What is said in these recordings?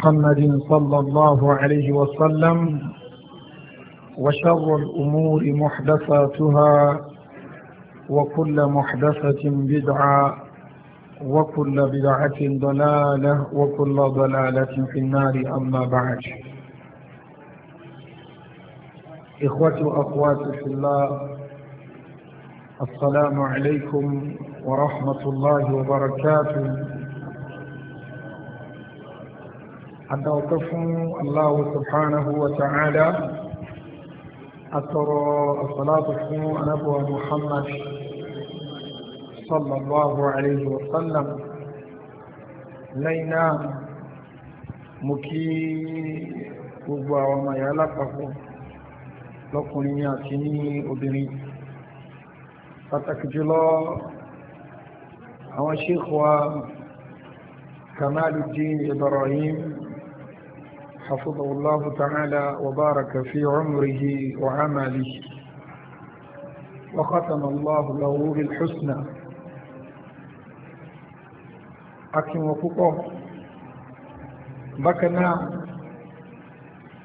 محمد صلى الله عليه وسلم وشر الأمور محدثاتها وكل محدثة بدعة وكل بدعة ضلالة وكل ضلالة في النار أما بعد إخوة وأخواتي في الله السلام عليكم ورحمة الله وبركاته àdáwọ̀kọ́ fún Allahu subhanahu wa ta'ala àtọrọ àsọ̀látọ̀ fún anábọ̀ Muhammad sallallahu alayhi wa sallam lẹ́yìn náà mú kí gbogbo àwọn ọmọ ìyá lápapọ̀ lọ́kùnrin àti ní obìnrin pàtàkì jùlọ àwọn sheikh wa Kamaluddin Ibrahim حفظه الله تعالى وبارك في عمره وعمله وختم الله له بالحسنى أكن وفقه بكنا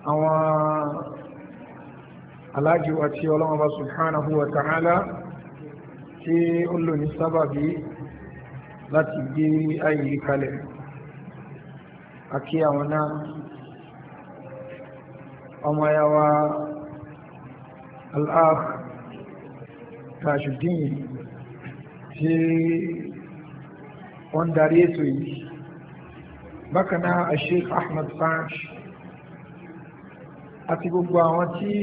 أو aláàjì wa tí ọlọ́wọ́ bá subhanahu wa ta'ala tí ó lò ní sábàbí láti gbé ayé kalẹ̀ àkí àwọn náà وما يوا الاخ تاج الدين في ونداريتوي بكنا الشيخ احمد فاش اتيبوا واتي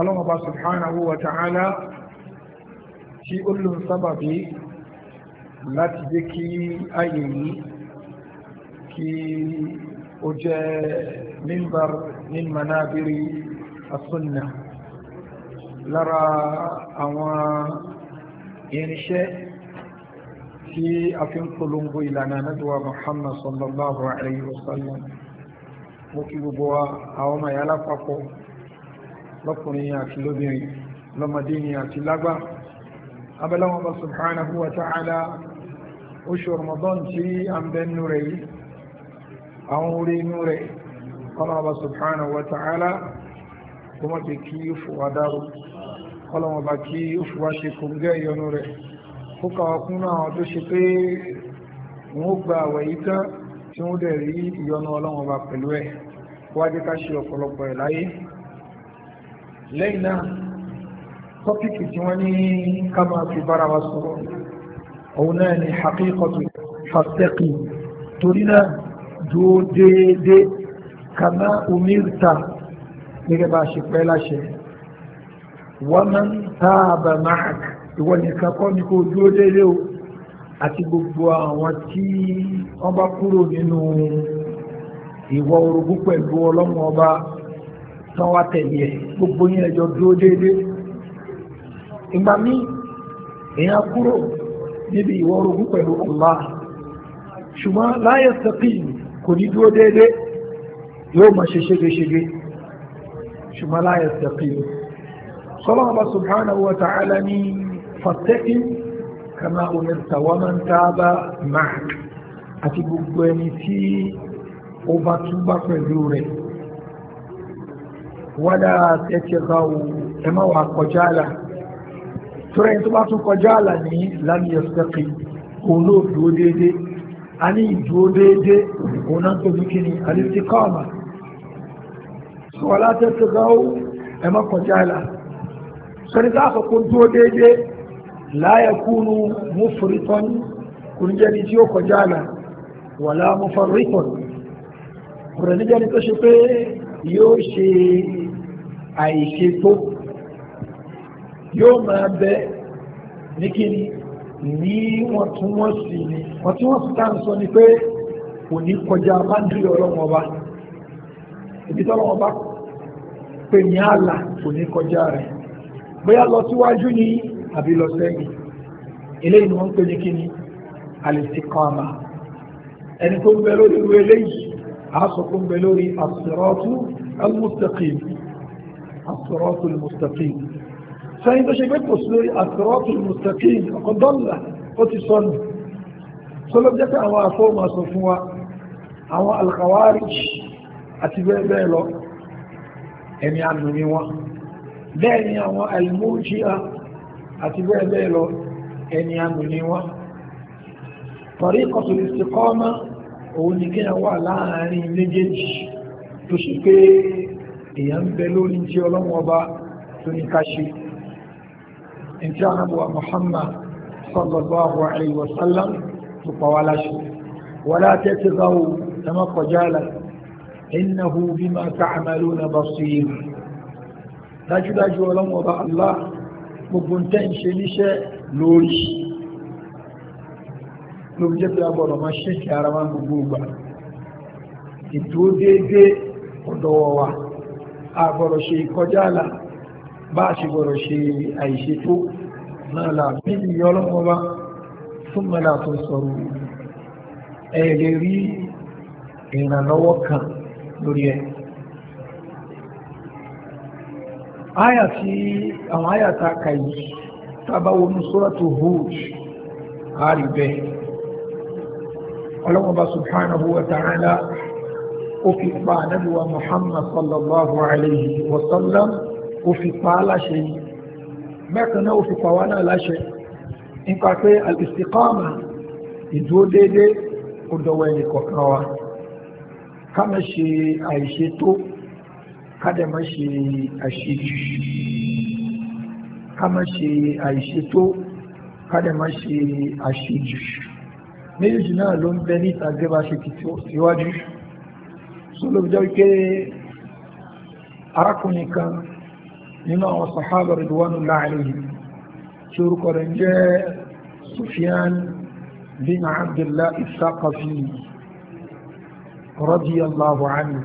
اللهم با سبحانه وتعالى في كل سبب لا تجيكي ايني كي ó jẹ́ mímbar min manabiri asúnnà lára àwọn irinṣẹ́ tí a fi ń polongo ìlànà anáduwa muhammad sallallahu alayhi wa sallam mo kí gbogbo wa àwọn ọmọ ìyá lápapọ̀ lọ́kùnrin àti lóbìnrin lọ́mọdé ni àti lágbà abẹ́láwọn ọba subhanahu àwọn orí inú rẹ̀ kọ́lọ́wọ́ bá subhanahu wa ta'ala kó mọ́ jẹ́ kí ó fòwà dáró kọ́lọ́wọ́ bá kí ó fòwà ṣe kò ń gẹ́ ìyọnu rẹ̀ kó kàwà kún náà tó ṣe pé wọ́n gba àwẹ̀ yìí tán tí wọ́n dẹ̀ rí ìyọnu ọlọ́wọ́n bá pẹ̀lú ẹ̀ wá ká ṣe ọ̀pọ̀lọpọ̀ ẹ̀ láyé lẹ́yìn náà tọ́pìkì tí wọ́n ní ká máa fi bára wa sọ̀rọ̀ òun náà ni haqiqatu fastaqi torí náà dúó déédé kàmá umirta gẹ́gẹ́ bá ṣe pẹ́ láṣẹ wọ́n máa ń táàbà máa ìwọ nìkan kọ́ ni kò dúó déédé o àti gbogbo àwọn tí wọ́n bá kúrò nínú ìwọ orogún pẹ̀lú ọlọ́run ọba tán wá tẹ̀lé ẹ̀ gbogbo yín ẹjọ́ dúró déédé ìgbà míì èèyàn kúrò níbi ìwọ orogún pẹ̀lú Allah ṣùgbọ́n la yastaqim kò ní dúró déédéé yóò máa ṣe ṣégeṣége ṣùgbọ́n láyé ṣẹ̀kì sọlọ́ọ̀bá subhanahu wa ta'ala ní fàtẹ́kì kama umirta wa man taba ma'ak àti gbogbo ẹni tí ó bá túbá pẹ̀lú rẹ̀ wọ́dà tẹ́tẹ́ bá wù ẹ má wà kọjá àlà tó rẹ̀ tó bá tún kọjá àlà ní lámìyẹ̀ ṣẹ̀kì kò lóòdúró déédéé a ní ìdúró déédé òun náà tó bí kíni àlìsí kọ́ọ̀mà sọ alátẹ́tẹ́ gáwó ẹmọ kọjá ìlà sọrí tá a sọ pé dúró déédé láyé kúnú mú fòrítọ́n ní jẹ́ni tí ó kọjá ìlà wà láà mú ní wọ́n tún wọ́n sì ní wọ́n tí wọ́n sì tá ń sọ ni pé kò ní kọjá báńdìrì ọlọ́wọ́n ọba ibi tọ́lọ́wọ́n ọba pè ní àlà kò ní kọjá rẹ̀ bóyá lọ síwájú ni àbí lọ sẹ́yìn eléyìí ni wọ́n ń pè ní kíni al-istiqama ẹni tó ń bẹ lórí ìwé eléyìí àásọ tó ń bẹ lórí as-siratu al-mustaqim sẹ́yìn tó ṣe pé kò sí lórí àtọ́rọ́tù mustaqim ọ̀kọ́dọ́là ó ti sọnù sọlọ́ jẹ́ pé àwọn afọ́ máa sọ fún wa àwọn alkhawarij àti bẹ́ẹ̀ bẹ́ẹ̀ lọ ẹni àmì ni wọn bẹ́ẹ̀ ni àwọn almujia àti bẹ́ẹ̀ bẹ́ẹ̀ lọ ẹni àmì ni wọn tariqatul istiqama òun ni kíyàn wà láàrin méjèèjì tó ṣe pé èèyàn ń bẹ lórí tí ọlọ́wọ́ ọba tó ní ká ṣe إنسان هو محمد صلى الله عليه وسلم فطوال شيء ولا تتغوا كما قجالا إنه بما تعملون بصير داجو داجو ولم وضع الله مبنتين شنيشة لوش لوجب يا بولا ما شيك يا رمان بقوبة إتو دي دي ودووا أبولا شيء قجالا باشي بولا شيء أي شيء فوق náà là níbi ìyá ọlọ́mọba fún mẹ́lá tó sọ̀rọ̀ ẹ̀ lè rí ìrànlọ́wọ́ kan lórí ẹ̀. Aya tí àwọn aya ta ka yìí tábà wọnú suratu Hud a rí bẹ́ẹ̀. Ọlọ́mọba subhanahu wa ta'ala ó fi pa ànábì wa Muhammad sallallahu alayhi wa sallam ó fi pa aláṣẹ yìí mẹ́kànnà òfin pàwà náà láṣẹ nípa pé al-istiqama ìdúró déédéé kò dọ̀wọ́ ẹnì kọ̀ọ̀kan wa ká má ṣe àìṣe tó ká dẹ̀ má ṣe àṣejù ká má ṣe àìṣe tó ká dẹ̀ má ṣe àṣejù méjèèjì náà ló ń bẹ níta gẹ́bà ṣe ti síwájú wípé arákùnrin kan nínú àwọn sàhábà ridwanullahi alayhim tí orúkọ rẹ̀ jẹ́ Sufyan bin Abdullah As-Saqafi radiyallahu anhu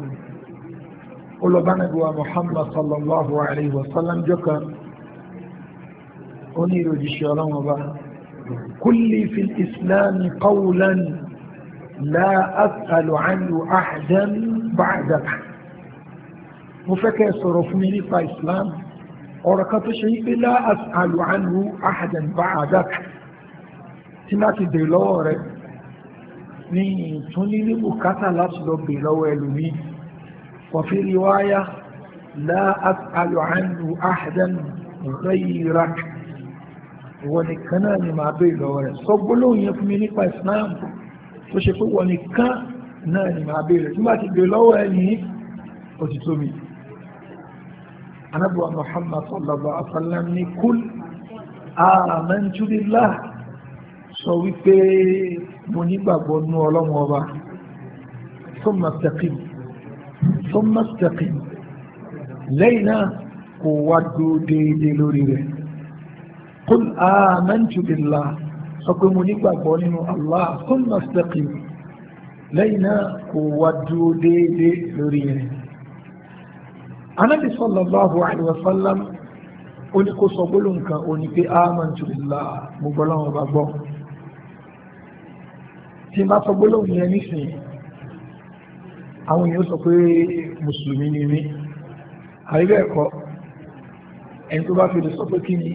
olùbánagba Muhammad sallallahu alayhi wa sallam jọ́ka ó ní ìròjìṣẹ́ ọlọ́run ọba كل في الإسلام قولا لا أسأل عنه أحدا بعدك وفكى صرفني في إسلام ọ̀rọ̀ kan tó ṣe yí pé láàs àlùhánú àhàjàn bá àdák tí láti dè lọ́wọ́ rẹ̀ ní ìtún nílé bùkátà láti lọ bè lọ́wọ́ ẹlòmíì wàfí riwáyà láàs àlùhánú àhàjàn rẹ̀yìrak ìwọ nìkan náà ni màá bè lọ́wọ́ rẹ̀ sọ gbólóhùn yẹn fún mi nípa Islam tó ṣe pé wọ nìkan náà ni màá bè rẹ̀ tí bá ti bè lọ́wọ́ ẹ̀ ní òtítọ́ mi anabuwa muhammad sallallahu alaihi wasallam ní kul amantu billah sọ wípé mo nígbàgbọ́ nú ọlọ́run ọba thumma istaqim thumma istaqim lẹ́yìn náà kò wá dúró déédéé lórí rẹ̀ kul amantu billah sọ pé mo nígbàgbọ́ nínú allah thumma istaqim lẹ́yìn náà kò wá dúró déédéé lórí rẹ̀ anabi sallallahu alayhi wa sallam ó ní kó sọ gbólóhùn kan ó ní pé amantu billah mo gbọ́ láwọn ọba gbọ́ tí n bá sọ gbólóhùn yẹn nísìnyí àwọn èèyàn sọ pé mùsùlùmí ni mí àríbẹ̀ ẹ̀kọ́ ẹni tó bá fi lè sọ pé kí ni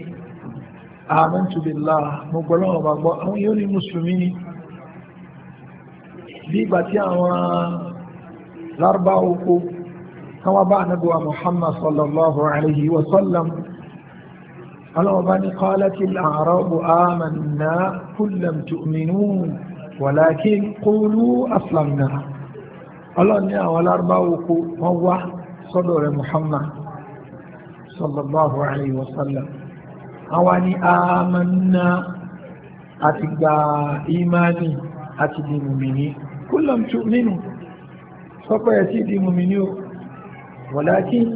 amantu billah mo gbọ́ ọba gbọ́ àwọn èèyàn ní mùsùlùmí ni bí ìgbà tí àwọn lárúbáwò kó kan wá bá anabuwa muhammad sallallahu alayhi wa sallam alọ́ọ̀bá ní kọ́lẹ́tì àrọ́bù àmàna kúlẹ̀m tùmínú wàlákì kúlú aslamna ọlọ́ọ̀ ní àwọn alárúbáwò kú wọ́n wá sọ́dọ̀ rẹ̀ muhammad sallallahu alayhi wa sallam àwọn ni àmàna àti gba imani àti di mùmíní kúlẹ̀m tùmínú sọ́pẹ́ ẹ̀ sí di mùmíní o walakin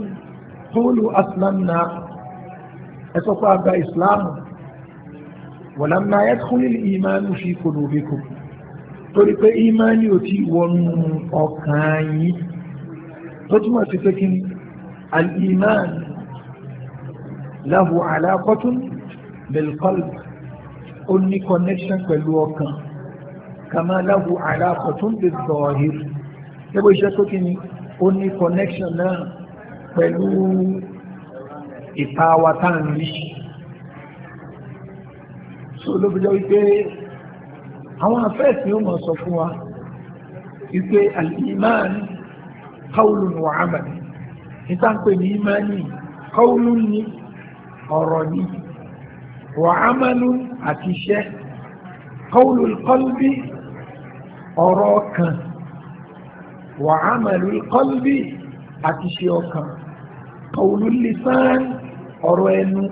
qulu aslamna ẹsọ pé àgbà ìsìláàmù walamma yadkhulil ìmánu fi qulubikum torí pé ìmánu ò tí wọnú ọkàn yìí tó túmọ̀ sí pé kí ni al-iman lahu alaqatun bil qalb ó ní connection pẹ̀lú ọkàn kama lahu alaqatun bil zahir ẹgbẹ́ iṣẹ́ tó kí ni ó ní connection náà pẹ̀lú ìtawa táà ń rí so ló fi jẹ́ wípé àwọn afẹ́ẹ̀sì ó mọ̀ sọ fún wa wípé al-iman qawlun wa amal níta ń pè ní imani qawlun ní ọ̀rọ̀ ní wa amalun àti iṣẹ́ qawlul qalbi ọ̀rọ̀ kan wà á mẹ̀lú kọ́lbí àti ṣe ọkàn kọ̀ọ̀lù lisan ọ̀rọ̀ ẹnu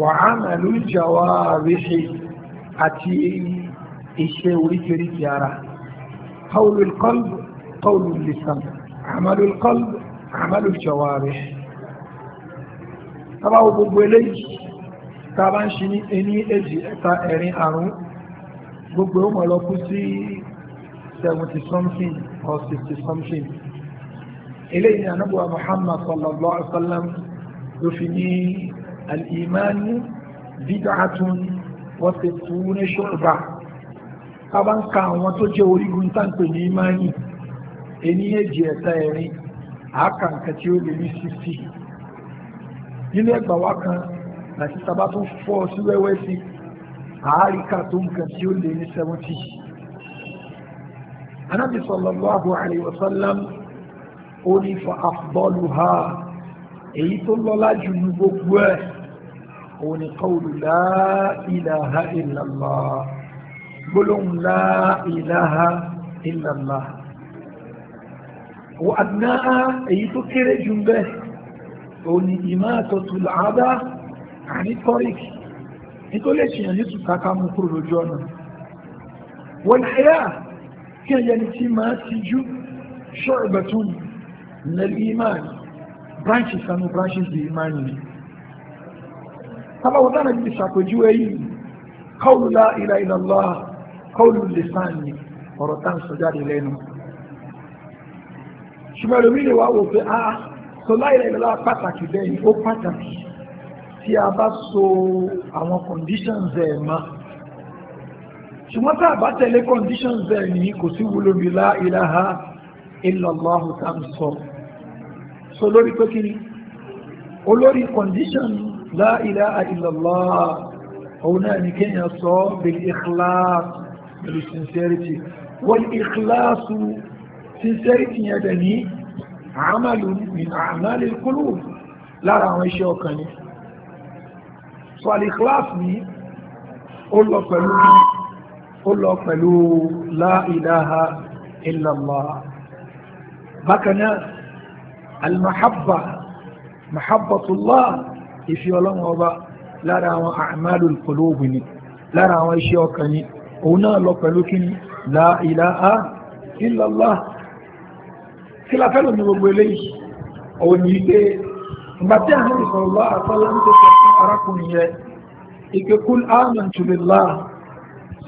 wà á mẹ̀lú jàwá àríṣe àti iṣẹ́ oríkèríkè ara kọ̀ọ̀lù kọ́lbí kọ̀ọ̀lù lisan àmàlù kọ́lbí àmàlù jàwá àríṣe tàbáwò gbogbo eléyìí tàbá ń ṣe ní ẹni èjì ẹ̀ta ẹ̀rin àrùn gbogbo ó lọ kú sí seventy something or sixty something eléyìí anábùwà muhammad sallallahu alaihi wa sallam ló fi ní alìmánu bídàtún wọ́n ti tún ní ṣọ́ọ̀bà kábà ń ka àwọn tó jẹ́ orígun táǹpẹ̀ ní imáni ẹni èjì ẹ̀ta ẹ̀rin àákàǹkà tí ó lè ní sixty nínú ẹgbà wá kan láti sábà tún fọ́ sí wẹ́wẹ́ sí àáríkà tó nǹkan tí ó lè ní seventy anábì sallallahu alayhi wa sallam ó ní fa afdaluha èyí tó lọ́lá jù ní gbogbo ẹ̀ òun ni qawlu la ilaha illallah gbólóhùn la ilaha illallah wa adnaha èyí tó kéré jù ń bẹ́ẹ̀ òun ni imatatul ada àní tọ́ríkì nítorí èṣìyàn ní tùtàkà mú kúrò lójú ọ̀nà wal haya kí ẹyẹni tí máa ti jú ṣọ́ọ̀bẹ̀tún lẹ́lú imani branches kanú branches di imani ni tábàwọ̀ tánà bí ṣàpèjúwe yìí kọ́ọ̀lù la ilaha illallah kọ́ọ̀lù lisan ni ọ̀rọ̀ tá ń sọ jáde lẹ́nu ṣùgbọ́n ẹlòmí lè wá wò pé a sọ la ilaha illallah pàtàkì bẹ́ẹ̀ ni ó pàtàkì tí a bá so àwọn conditions ẹ̀ máa ṣùgbọ́n tá a bá tẹ̀lé conditions bẹ́ẹ̀ ni kò sí wúlò bí la ilaha illallah tá a sọ so lórí pé kí ni olórí condition la ilaha illallah òun náà ni kéèyàn sọ bil ikhlas bil sincerity wal ikhlasu sincerity yẹn dẹ̀ ní amalun min a'malil qulub lára àwọn iṣẹ́ ọkàn ni so al ikhlas ó lọ pẹ̀lú bí ó lọ pẹ̀lú la ilaha illallah bákan náà almahabba mahabbatullah ìfi ọlọ́run ọba lára àwọn a'malul qulubi ni lára àwọn iṣẹ́ ọkàn ni òun náà lọ pẹ̀lú kí ni la ilaha illallah kí la fẹ́ lómi gbogbo eléyìí òun ni pé ìgbà àwọn ìsọ̀rọ̀ àtọ́lá ń tẹ̀sẹ̀ fún arákùnrin yẹn ìkẹ́kùn ámàntùlélá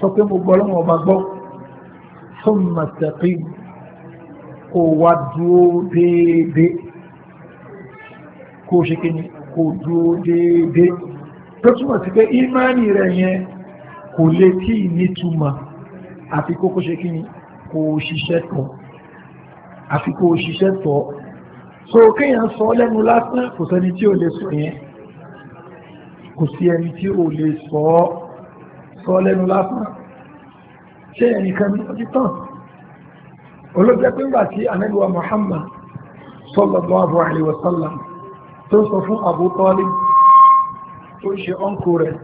sọ pé mo gbọ́ lọ́wọ́ ọba gbọ́ fún màtẹ́kì kó wá dúró déédéé kó ṣe kí ni kó dúró déédéé tó túmọ̀ sí pé ìmánì rẹ̀ yẹn kò lè tí nítumọ̀ àfi kókó ṣe kí ni kò ṣiṣẹ́ tọ̀ àfi kò ṣiṣẹ́ tọ̀ so kéèyàn sọ lẹ́nu lásán kò sẹ́ni tí ò lè sọ yẹn kò sí ẹni tí ò lè sọ ọ́ sọ lẹ́nu lásán ṣé ẹnìkan ní ọdí tán olóògbé pé ńgbà tí anẹ́lúwa Muhammad sallallahu alaihi wa sallam tó sọ fún Abu Talib tó ń ṣe ọ́nkù rẹ̀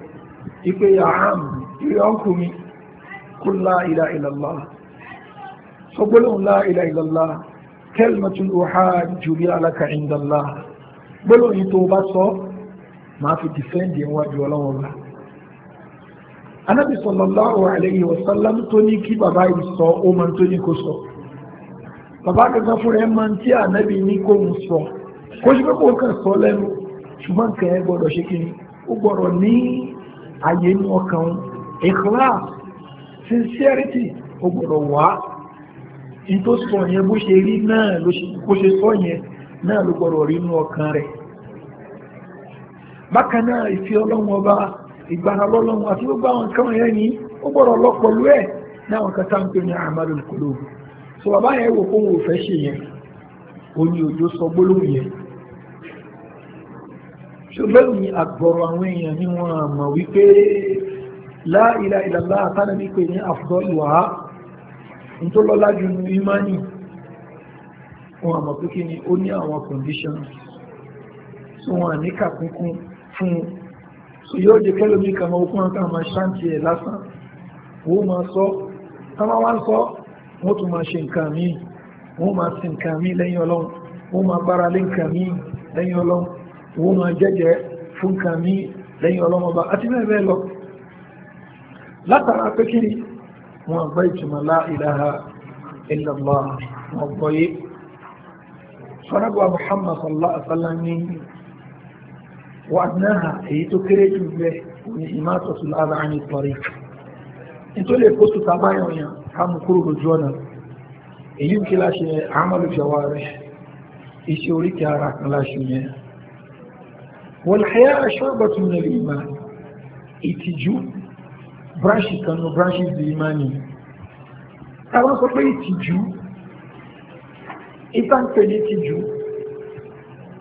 ipe yaham ìrẹ́ ọ́nkù mi kú la ilaha illallah sọgbọ́lọ́hùn la ilaha illallah kalimatun uhajju biha laka indallah gbọ́lọ́hùn yìí sọ máa fi dìfẹ́ǹdì wájú ọlọ́wọ́ anábì sallallahu alayhi wa sallam tó ní kí bàbá yìí sọ ó máa tó ní kó sọ bàbá kankan fúnra ẹ máa ń tí anábì ní kó ń sọ kó ṣe pé kó kàn sọ lẹ́nu ṣùgbọ́n kàn ẹ gbọ́dọ̀ ṣe kíni ó gbọ́dọ̀ ní àyè inú ọkàn ikhlas sincerity ó gbọ́dọ̀ wá in tó sọ yẹn bó ṣe rí náà bó ṣe sọ yẹn náà ló gbọ́dọ̀ rí inú ọkàn rẹ̀ bákan náà ìfi ọlọ́run ọba ìgbàna lọ́lọ́run àti gbogbo àwọn nǹkan yẹn ni ó gbọ́dọ̀ lọ pẹ̀lú ẹ̀ náwọn kan tá ń pè ní àmàlù kòlóògù so bàbá yẹn wò fóun ò fẹ́ ṣe yẹn ó ní òjò sọ gbólóhùn yẹn ṣùgbọ́n ní àgbọ̀rọ̀ àwọn èèyàn ni wọ́n mọ̀ wípé la ilaha illallah àtàlẹ́bí ní àfùdọ́ ìwà ntọ́lọ́lá ju imani wọn àmọ̀ pé kí ni ó ní àwọn conditions tí wọ́n ní kàkúnkún fún un yóò jẹ́ kẹ́lómi kan máa fún ọkàn máa ṣáǹtì ẹ̀ lásán wọ́n máa sọ tọ́mọ wá ń sọ wọ́n tún máa ṣe nǹkan míì wọ́n máa sin nǹkan míì lẹ́yìn ọlọ́run wọ́n máa gbára lé nǹkan míì lẹ́yìn ọlọ́run wọ́n máa jẹ́jẹ́ fún nǹkan míì lẹ́yìn ọlọ́run ọba àti bẹ́ẹ̀ bẹ́ẹ̀ lọ látara pé kí gbọ́ ìtumọ̀ la ilaha illallah wọ́n gbọ́ yé sọ́nàbọ̀ Muhammad sallallahu alaihi وأدناها هي تكره به من إماتة الأذى عن الطريق انتو اللي قصوا تبايعوا هم كروه الجونة يمكن لاش عمل الجوارح يشوريك راك لاش والحياة شعبة من الإيمان ìtìjú branches kan ní branches di imani tàbí sọ pé ìtìjú ìtànpẹ̀ ní ìtìjú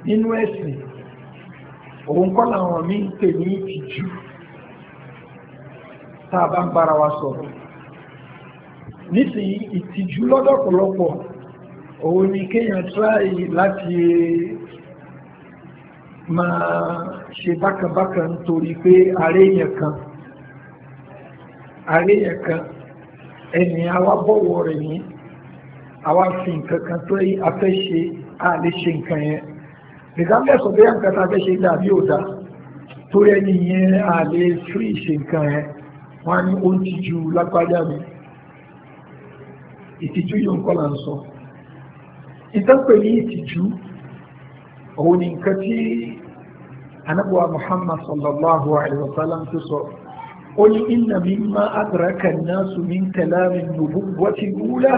nínú ẹ̀sìn òun kọ́ làwọn míì ń pè ní ìtìjú tá a bá ń bára wa sọ̀rọ̀ nísìnyí ìtìjú lọ́dọ̀ pọ̀lọpọ̀ òun ni kéèyàn tíráì láti máa ṣe bákàbákà nítorí pé àríyàn kan àríyàn kan ẹni àwa bọ̀wọ̀ rẹ̀ ní àwa fi nǹkan kan tó afẹ́ ṣe a lè ṣe nǹkan yẹn nìkan mẹ́sàn bí ẹ̀ǹkan tá a fẹ́ ṣe dàbí òdà tó yẹ nìyẹn àlè fírí ìṣe nǹkan ẹ̀ wọ́n á ní ó ń tijú lágbájá mi ìtìjú yóò ń kọ́ là ń sọ ìtọ́pẹ̀ ní ìtìjú òun ni nǹkan tí anábùwà Muhammad sallallahu alayhi wa sallam ti sọ ó ní inna mimma adraka an-nasu min kalami an-nubuwwati al-ula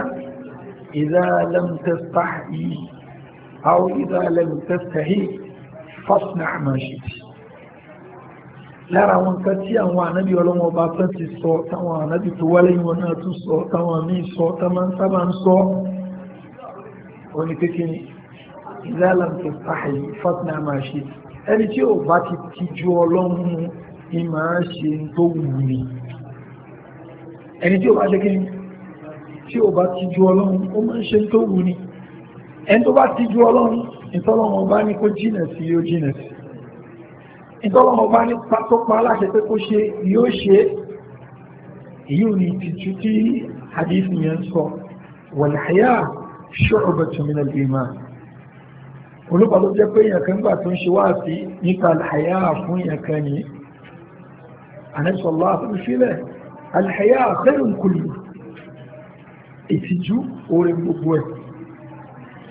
idha lam tastahi أو إذا لم تستحي فاصنع ما شئت lára àwọn nǹkan tí àwọn ànábì ọlọ́wọ́ bá tán ti sọ táwọn ànábì tó wá lẹ́yìn wọn náà tún sọ táwọn míì sọ táwọn ń sábà ń sọ ó ní kékeré ìlàlàntò fàáyì fatina máa ṣe ẹni tí ò bá ti tijú ọlọ́run mu ni màá ṣe tó wù mí ẹni tí ò bá tijú ọlọ́run ó máa ń ṣe tó wù ni ẹni tó bá ti ju ọlọ́run ìtọ́lọ́wọ́n bá ní kó jìnà sí yóò jìnà sí ìtọ́lọ́wọ́n bá ní tó pa aláṣẹ pé kó ṣe yóò ṣe èyí ò ní ìtìjú tí hadith yẹn ń sọ wàlàyà shu'batun min al-iman olùkọ́ ló jẹ́ pé èèyàn kan gbà tó ń ṣe wá sí nípa àlàyà fún èèyàn kan ní ànẹ́sọ̀lá àfẹ́fẹ́lẹ̀ àlàyà khairun kullu ìtìjú orin gbogbo ẹ̀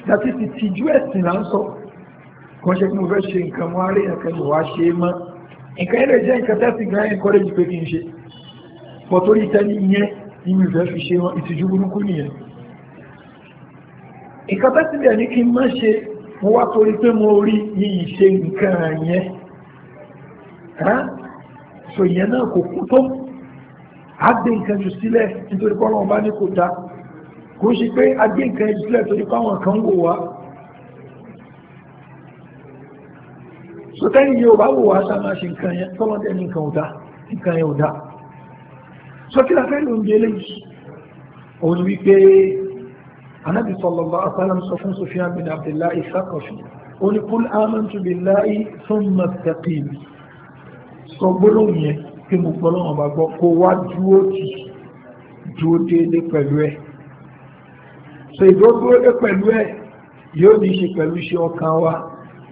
tàbí ti tìjú ẹ̀sìn là ń sọ kan ṣe kí mo fẹ́ ṣe nǹkan mọ́ àárẹ̀ nǹkan ni wàá ṣe é mọ́ nǹkan ẹ̀rẹ̀ jẹ́ nǹkan tẹ́sí gan ẹ̀ kọ́lẹ́jì pé kí n ṣe pọ̀ torí tẹ́ni yẹn ni mi fẹ́ fi ṣe wọn ìtìjú burúkú nìyẹn nǹkan tẹ́sí bẹ̀ ni kí n má ṣe mo wá torí pé mo rí yìí ṣe nǹkan yẹn so ìyẹn náà kò kú tó á gbé nǹkan jù sílẹ̀ nítorí pé bá ní kò dáa kò ṣe pé agbé nǹkan ìjìnlẹ̀ torí páwọn kan wò wá sọtẹ́ni yóò bá wò wá sáma ṣe nǹkan yẹn tọ́lọ́dẹ́ ní nǹkan ọ̀dá nǹkan yẹn ọ̀dá sọtíra fẹ́ ló ń di eléyìí òun wípé anábì sallallahu alaihi sọ fún Sufyan bin Abdullah al ó ní qul amantu billahi thumma istaqim sọ gbólóhùn yẹn kí mo gbọ́ lọ́wọ́ bá gbọ́ kó wá dúró tì dúró pẹ̀lú ẹ̀ so ìdúródúródé pẹ̀lú ẹ̀ yóò ní ṣe pẹ̀lú iṣẹ́ ọkàn wa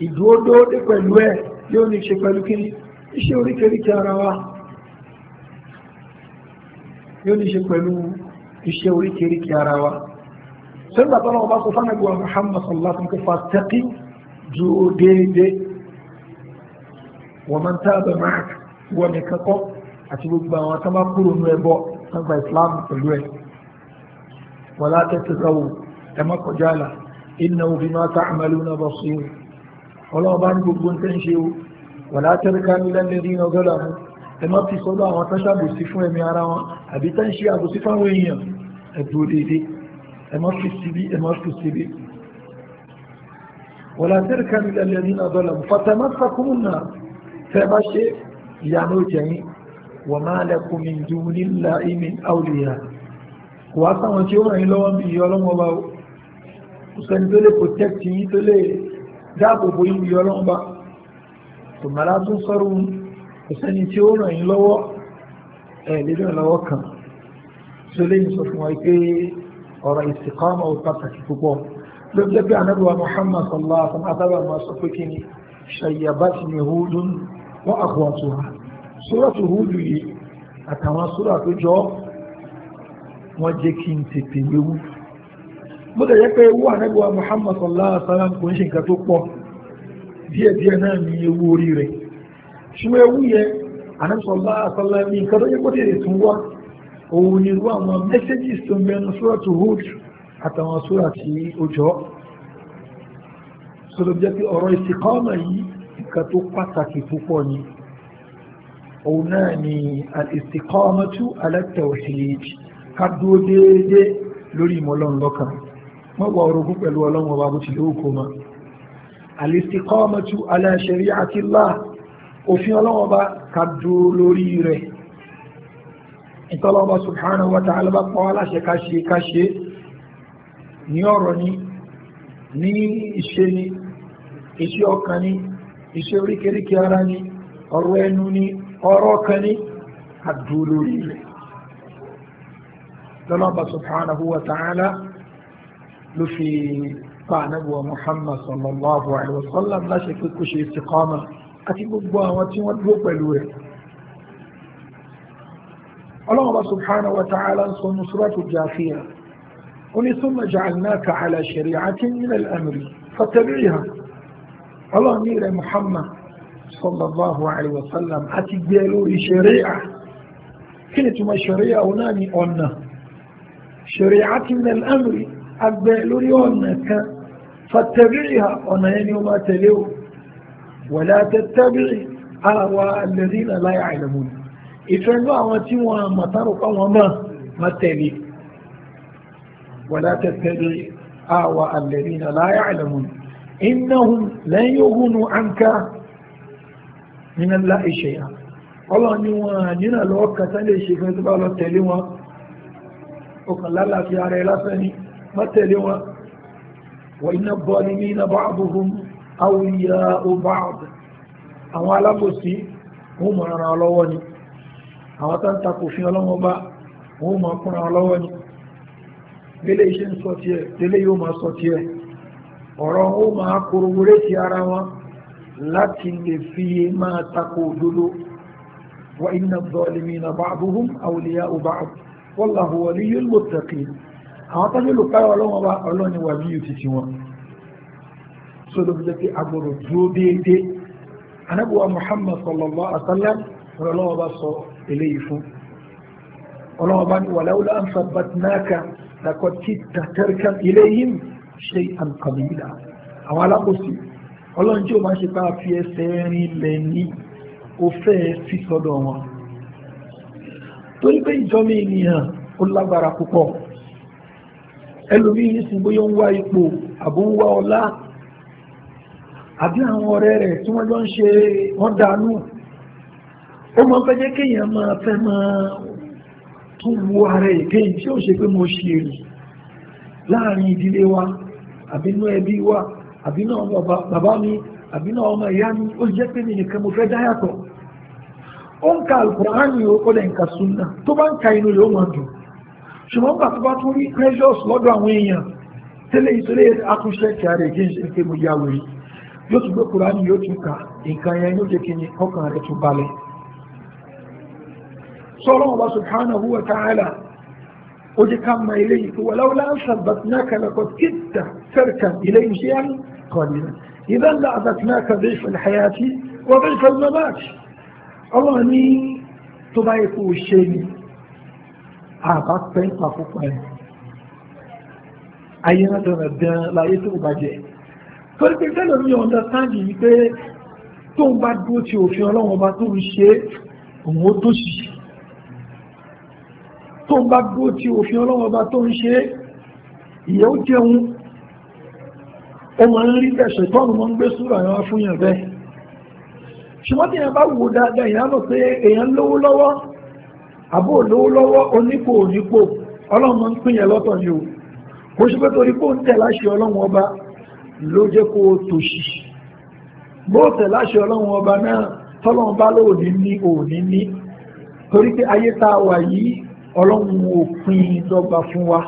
ìdúródúródé pẹ̀lú ẹ̀ yóò ní ṣe pẹ̀lú kí iṣẹ́ oríkèríkè ara wa yóò ní ṣe pẹ̀lú iṣẹ́ oríkèríkè ara wa sọ́nà tọ́nà ọba sọ fánà gbọ́ Muhammad sallallahu alaihi wa sallam ju déédéé wọ́n máa ń tábà máa wọ́n mi kẹ́kọ̀ọ́ àti gbogbo àwọn tó máa kúrò nú ẹbọ nígbà ìsìlámù pẹ̀lú ẹ̀ ولا تتسووا كما قجالا إنه بما تعملون بصير ولا بان بقون تنشيو ولا تركان إلى الذين ظلموا كما في صلاة وتشابه سفوة ميارا أبي تنشي أبو سفوة وين الدولي دي أما في السبي أما في السبي ولا تركن إلى الذين ظلموا فتمسكم النار فما شيء يعني وما لكم من دون الله من أولياء kò wá sáwọn tí ó ràn yín lọ́wọ́ bí iye ọlọ́wọ́ bá o kò sẹ́ni tó lè protect yín tó lè dáàbò bo yín bí iye ọlọ́wọ́ bá kò mara tún sọ́rọ̀ kò tí ó ràn yín lọ́wọ́ ẹ̀ lọ́wọ́ kan tó lè sọ fún wa pé ọ̀rọ̀ istiqama ò pàtàkì púpọ̀ ló jẹ́ pé anábíwá Muhammad sallallahu alaihi wa máa sọ pé kí ni ṣayyabat ni hudun wọ́n àkùwàtò ha sóràtò hudu yìí àtàwọn sóràtò jọ́ wọ́n jẹ́ kí n tètè léwu bó lè jẹ́ pé ewu ànágbèwà Muhammad sallallahu alaihi wasallam kò ń ṣe nǹkan tó pọ̀ díẹ̀díẹ̀ náà ní ewu orí rẹ̀ ṣùgbọ́n ewu yẹ ànábì sallallahu alaihi wasallam ní nǹkan tó yẹ kó tètè tún wá òun ni irú àwọn messages tó ń bẹnu suratu pàtàkì púpọ̀ ni òun náà ni al-istiqamatu ala tawhid ká dúró déédé lórí ìmọ̀ ọlọ́run lọ́kàn wọ́n wà orogún pẹ̀lú ọlọ́run ọba bó ti lè kó ma al-istiqamatu ala shari'ati Allah òfin ọlọ́run ọba ká dúró lórí rẹ̀ ìtọ́lọ́wọ́ subhanahu wa ta'ala bá pọ́ aláṣẹ káṣe káṣe ní ọ̀rọ̀ ni ní ìṣe ni iṣẹ́ ọkàn ni iṣẹ́ oríkèríkè ara ni ọ̀rọ̀ ẹnu ni ọ̀rọ̀ ọkàn ni àdúró lórí rẹ̀ تلعب سبحانه وتعالى لفي قانب محمد صلى الله عليه وسلم لا شك في كشي استقامة أتي بباوة والبوبة الوير الله سبحانه وتعالى صلى نصرة الجافية قل ثم جعلناك على شريعة من الأمر فاتبعها الله نير محمد صلى الله عليه وسلم أتي بيالوري شريعة كنت ما شريعة وناني أنه شريعتي من الأمر أبالوني ونكا فاتبعها ونهيني وما تلو ولا تتبع أهواء الذين لا يعلمون إفنوا أواتي ومطرق وما ما تلي ولا تتبع أهواء الذين لا يعلمون إنهم لن يغنوا عنك من الله شيئا الله نوى نينا لوكا تلي شيء فاتبع الله تلي ọkàn lálàáfíà ara ẹ lásán ni má tẹ̀lé wọn wọ́n iná bọ́ ni mí iná bá àbúhùn awùyá ọba àbẹ̀ àwọn alábòsí wọn mọ̀ ara lọ́wọ́ ni àwọn tó ń takò fi ọlọ́wọ́ bá wọn mọ̀ kúnra lọ́wọ́ ni lélẹ́ iṣẹ́ ń sọ tiẹ̀ lélẹ́ yóò láti lè fi máa takò òdodo wọ́n iná bọ́ ni àbúhùn awùyá ọba wallahu waliyyul muttaqin àwọn tó nílò káyọ̀ ọlọ́wọ́n bá ọlọ́ni wà ní ìtìtì wọn so ló fi jẹ́ pé agbọ̀rọ̀ dúró déédéé anábùwà Muhammad sallallahu alaihi wasallam ọlọ́wọ́n bá sọ eléyìí fún ọlọ́wọ́n bá ní walaula an sabbatnaka laqad kitta tarkan ilayhim shay'an qalila àwọn alákòóso torí pé ìjọba ènìyàn ó lágbára púpọ̀ ẹlòmíì nísìnyí bóyá ń wá ipò àbó ń wá ọlá àbí àwọn ọ̀rẹ́ rẹ̀ tí wọ́n jọ ń ṣe wọ́n dànù ó máa fẹ́ jẹ́ kéèyàn máa fẹ́ máa tún wo ara èkéyìn tí ó ṣe pé mo ṣe èrè láàrin ìdílé wa àbínú ẹbí wa àbínú bàbá mi àbínú ọmọ ìyá mi ó jẹ́ pé mi nìkan mo fẹ́ dáyàtọ̀ ó ń ka alukur'an yìí ó lè ń ka sunna tó bá ń ka inú yóò máa dùn ṣùgbọ́n bàtú bá tún rí precious lọ́dọ̀ àwọn èèyàn tẹ́lẹ̀ ìtẹ́lẹ̀ àtúnṣe kí a rẹ̀ kí n ṣe pé mo yá wèrè yóò tún gbé kur'an yóò tún ka nǹkan yẹn yóò jẹ́ kí ni ọkàn rẹ̀ tún balẹ̀. sọ́rọ́ ọba subhanahu wa ta'ala ó jẹ́ ká mọ ilé yìí wà láwọn láǹṣà bàtúnà kàlàkọ̀ kíta fẹ́rẹ̀kà ilé iṣẹ́ yẹn kọ̀ọ̀lì ọlọ́run ní tó bá yẹ kó o ṣe ni àbá pẹ́ńpà púpà ẹ̀ ayé náà dọ̀rọ̀ gan láyé tó bàjẹ́ torí pé tẹ́lẹ̀ mi ọ̀dà sáàdì yìí pé tó ń bá dúró ti òfin ọlọ́run ọba tó ń ṣe òun ó tó sì tó ń bá dúró ti òfin ọlọ́run ọba tó ń ṣe ìyẹ́ jẹun ó máa ń rí bẹ̀ṣẹ̀ tọ́nu máa ń gbé súrà yẹn fún yàn bẹ́ẹ̀ ṣùgbọ́n tí èèyàn bá wò dáadáa èèyàn mọ̀ pé èèyàn lówó lọ́wọ́ àbó lówó lọ́wọ́ onípò onípò ọlọ́run ń pín yẹn lọ́tọ̀ ni o kò ṣe pé torí kó ń tẹ̀ láṣẹ ọlọ́run ọba ló jẹ́ kó o tòṣì bó tẹ̀ láṣẹ ọlọ́run ọba náà tọ́lọ́run bá lóòní ní òní ní torí pé ayé tá a wà yìí ọlọ́run ò pín dọ́gba fún wa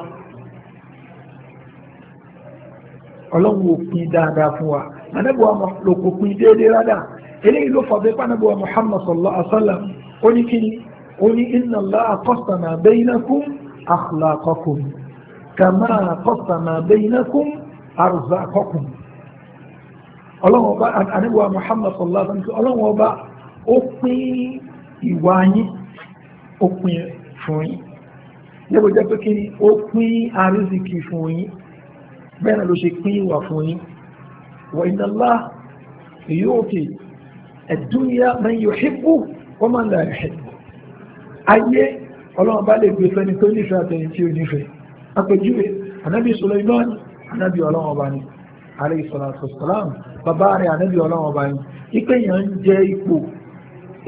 ọlọ́run ò pín dáadáa fún wa àdẹ́bùwà lòkò pín déédéé rádà eléyìí ló fọdé pàdánù muhammad sallallahu alaihi wa sallam ó ní kíni ó ní inna allaha qasama bainakum akhlaqakum kama qasama bainakum arzaqakum ọlọ́wọ́n ọba àdébùwà muhammad sallallahu alaihi wa sallam ọlọ́wọ́n ọba ó pín ìwà yín ó pín fún yín lẹ́gbẹ̀ẹ́ jẹ́ pé kí ó pín àrísìkì fún yín bẹ́ẹ̀ náà ló ṣe pín ìwà fún yín wa inna allaha yu'ti ad-dunya man yuhibbu wa man la yuhibbu ayé ọlọ́run bá lè gbé fẹ́ni tó nífẹ̀ẹ́ àtẹ̀yìn tí ó nífẹ̀ẹ́ àpèjúwe anábì Sulaiman anábì ọlọ́run ọba ni alayhi salatu wassalam bàbá rẹ̀ anábì ọlọ́run ọba ni ipe èèyàn ń jẹ ipò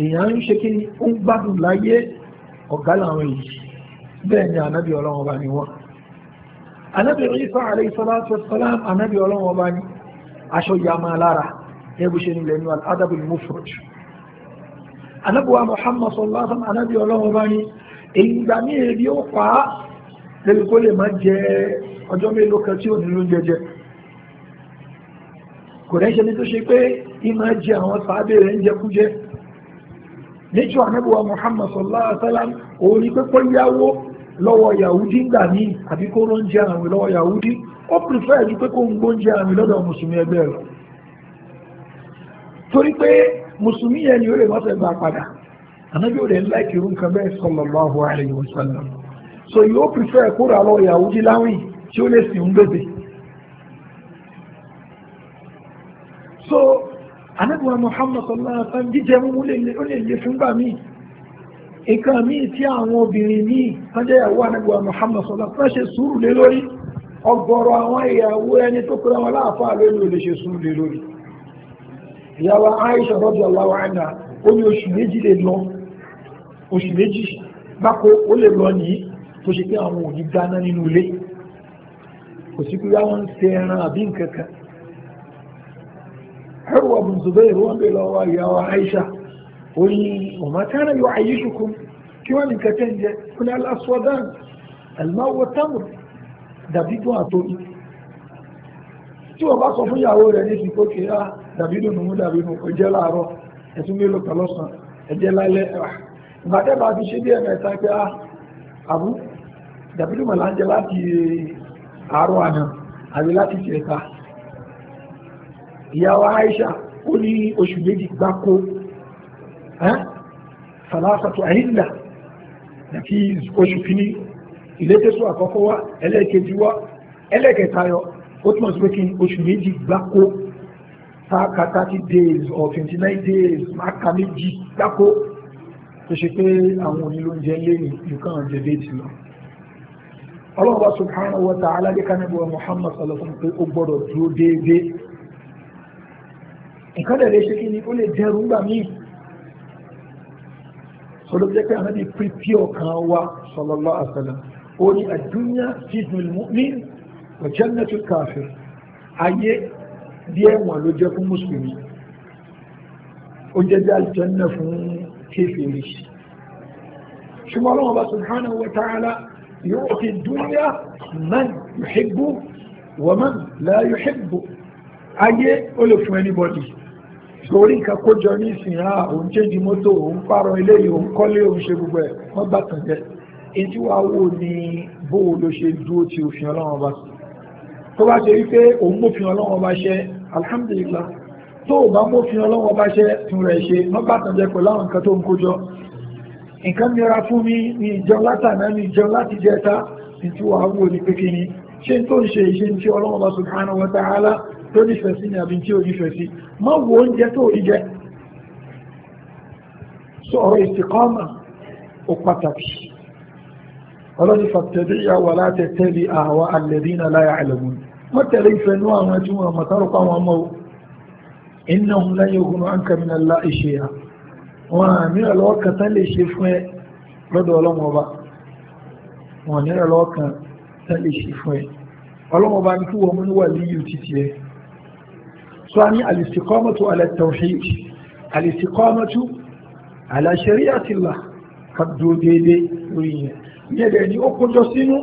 èèyàn ń ṣe kí ó ń gbádùn láyé ọ̀gá làwọn èyí bẹ́ẹ̀ ni anábì ọlọ́run ọba ni wọ́n anábì Isa alayhi salatu wassalam anábì ọlọ́run ọba ni aṣọ yamá lára ẹgbù ṣe nílẹ̀ ní al-adab al-mufrad anábùwà muhammad sallallahu alaihi wasallam anábì ọlọ́run bá ní èyí ìgbà ní èrí ó pa á lẹ́bi kó lè má jẹ ọjọ́ mélòó kan tí ò ní ló ń jẹjẹ kò rẹ́ ṣe ní tó ṣe pé ìmọ̀ jẹ àwọn sàábẹ̀ rẹ̀ ń jẹkújẹ níjọ́ anábùwà muhammad sallallahu alaihi wasallam òun ni pé kó yáwó lọ́wọ́ yahudi ńgbà ní àbí kó torí pé mùsùlùmí yẹn ni ó lè mọ́tò ẹgbà padà ànábì ò lè ń láìkì irú nǹkan bẹ́ẹ̀ sallallahu alaihi wasallam so yóò prefer kóra lọ Yahudi láwìn tí ó lè sìn ń bèbè so ànábì wa Muhammad sallallahu alaihi wasallam jíjẹ mú lè lè fúngbà míì nǹkan míì tí àwọn obìnrin míì sájẹ́yàwó anagba Muhammad sọ́lá fẹ́ ṣe sùúrù lé lórí ọ̀gọ̀rọ̀ àwọn ìyàwó ẹni tó kura wọn láàfáà lórí olè ìyàwó Aisha radiyallahu anha ó ní oṣù méjì lè lọ oṣù méjì báko ó lè lọ nìyí tó ṣe pé àwọn ò ní dáná nínú ilé kò sí pé wọ́n ń ṣe ẹran àbí nǹkan kan Urwa ibn Zubayr wọ́n bè lọ́wọ́ ìyàwó Aisha ó ní ọ̀mà kana yu'ayyishukum kí wọ́n nìkan tẹ́ ń jẹ fún aláṣọ́dán al-ma'u wa tamr dàbí dùn àtòrí tí wọ́n bá sọ fún ìyàwó rẹ̀ ní ìsìnkó kí á dàbídù nùmú dàbídù kò jẹ́ láàárọ̀ ẹ̀tún mélòó kan lọ́sàn ẹ̀jẹ̀ lálẹ́ ìgbàdẹ́ bá ti ṣe bí ẹ̀mẹ̀ ta pé á ah, àbú dàbídù mọ̀ láńjẹ láti àárọ̀ àná àbí láti ti ẹ̀ta ìyàwó Aisha ó ní oṣù méjì àkọ́kọ́ wá ẹlẹ́ẹ̀kejì wá ẹlẹ́ẹ̀kẹta yọ ó túmọ̀ sí pé kí oṣù méjì gbáko táàkà thirty days or twenty nine days máàkà méjì gbáko tó ṣe pé àwọn onílóúnjẹ lẹ́yìn nǹkan ọ̀jẹ̀ déètì lọ. ọlọ́wọ́ subhanahu wa ta'ala dé kánẹ́bùwà muhammad sallallahu alaihi wa sallam pé ó gbọ́dọ̀ dúró déédéé nǹkan dẹ̀ lè ṣe kí ni ó lè dẹrù gbà míì sọlọ́bí jẹ́ pé ànábì pípí ọ̀kan wa sallallahu alaihi wa sallam ó ní àdúnyà fíìmù mí ọ̀jẹ́nẹ́tù káfíìn ayé bí ẹ̀wọ̀n ló jẹ́ fún mùsùlùmí ó jẹ́ bí àlùjẹ́nẹ́ fún kéfìrí ṣùgbọ́n ọlọ́wọ́n bá subhanahu wa ta'ala yóò fi dúnyà man yuhibbu wa man la yuhibbu ayé ó lè fún anybody torí nǹkan kójọ ní ìsìn ha ah, òun chéjì mọ́tò òun pààrọ̀ eléyìí òun kọ́lé òun ṣe gbogbo ẹ̀ wọ́n bá tàn jẹ́ ètí wàá wò ní bóòlù ṣe dúró ti òfin ọlọ́wọ́n bá sọ tó bá ṣe wípé òun mófin ọlọ́wọ́ bá ṣe alhamdulillah tó o bá mófin ọlọ́wọ́ bá ṣe tún rẹ̀ ṣe wọ́n bá tàn jẹ pẹ̀lú àwọn nǹkan tó ń kójọ nǹkan nira fún mi ní ìjẹun látàná ní ìjẹun láti jẹta tí wàá wò ní pé kíni ṣé tó ń ṣe ìṣe tí ọlọ́wọ́ bá subhanahu wa ta'ala tó nífẹ̀ẹ́ sí ní àbí tí ò nífẹ̀ẹ́ sí má wo oúnjẹ tó rí jẹ sọ ọ̀rọ̀ ó pàtàkì ọlọ́ni fàtẹ̀dé ìyàwó látẹ̀tẹ̀lé àwa alladhina la ya'lamun wọ́n tẹ̀lé ìfẹ́ inú àwọn tí wọ́n mọ̀ sáré pa wọn mọ́ o iná òun lẹ́yìn ogun náà ń kẹ́mi náà lá ìṣe ya wọn àmìràn lọ́wọ́ kan tán lè ṣe fún ẹ lọ́dọ̀ ọlọ́mọ ọba wọn àmìràn lọ́wọ́ kan tán lè ṣe fún ẹ ọlọ́mọ ọba ní kí wọ́n mú níwà líyù títí ẹ sọ a ní al-istiqamatu ala tawhid al-istiqamatu ala shari'atillah lórí yẹn ìyẹn dẹ̀ ni ó kójọ sínú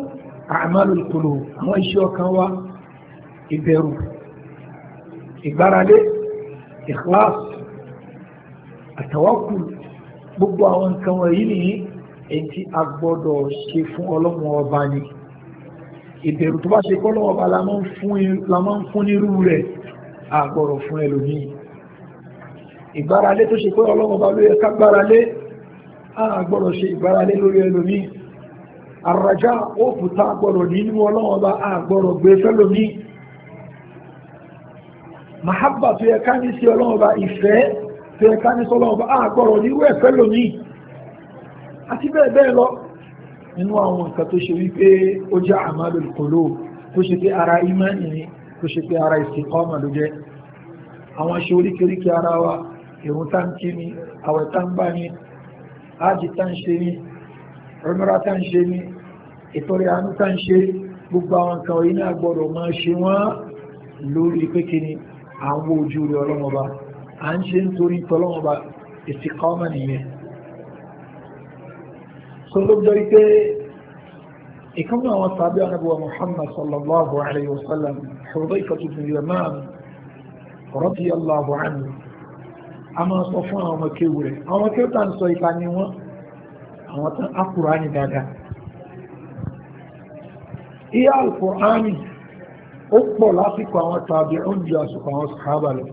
a'malul àwọn iṣẹ́ ọkàn wa ìbẹ̀rù ìgbáralé ikhlas àtàwákùl gbogbo àwọn nǹkan wọ̀nyí nìyí èyí a gbọ́dọ̀ ṣe fún ọlọ́run ọba ni ìbẹ̀rù tó bá ṣe kọ́ lọ́wọ́ ọba la máa ń fún nírú rẹ̀ a gbọ́dọ̀ fún ẹlòmíì ìgbáralé tó ṣe pé ọlọ́run ọba ló yẹ ká gbáralé a gbọ́dọ̀ ṣe ìgbáralé lórí ẹlòmíì àràjá òkúta gbọ́dọ̀ nínú ọlọ́run ọba a gbọ́dọ̀ gbé fẹ́lòmíì mahabba tó yẹ ká ní sí ọlọ́run ọba ìfẹ́ tó yẹ ká ní sí ọlọ́run ọba àgbọ̀rọ̀ nírú ẹ̀fẹ́ lónìí àti bẹ́ẹ̀ bẹ́ẹ̀ lọ nínú àwọn nǹkan tó ṣe wípé ó jẹ́ amalul qulub tó ṣe pé ara imani ni tó ṣe pé ara istiqama ló jẹ́ àwọn aṣọ oríkèéríkèé ara wa ìrun tá ń kí ni àwẹ̀ tá ń bá ni ájì tá ń ṣe ni rẹ́mẹ́rà tá ń ṣe ni ìtọ́rẹ àánú tá ń ṣe gbogbo àwọn nǹkan yìí náà gbọ́dọ̀ máa ṣe wọ́n lórí pé kí ni à ń wo ojú rẹ ọlọ́mọba à ń ṣe nítorí tọlọ́mọba ìsìkọ́mọ nìyẹn so ló jọ pé ìkan náà wọn tàbí anábọ̀ Muhammad sallallahu alayhi wa sallam Hudhayfah ibn Yaman radiyallahu anhu a máa sọ fún àwọn ọmọ kéwù rẹ̀ àwọn ọmọ kéwù tá ń sọ ìta ni wọ́n àwọn tán á Kùránì dáadáa. Ìyá Al-Kùránì ó pọ̀ lásìkò àwọn tàbí oúnjẹ àsìkò àwọn sàhábà lọ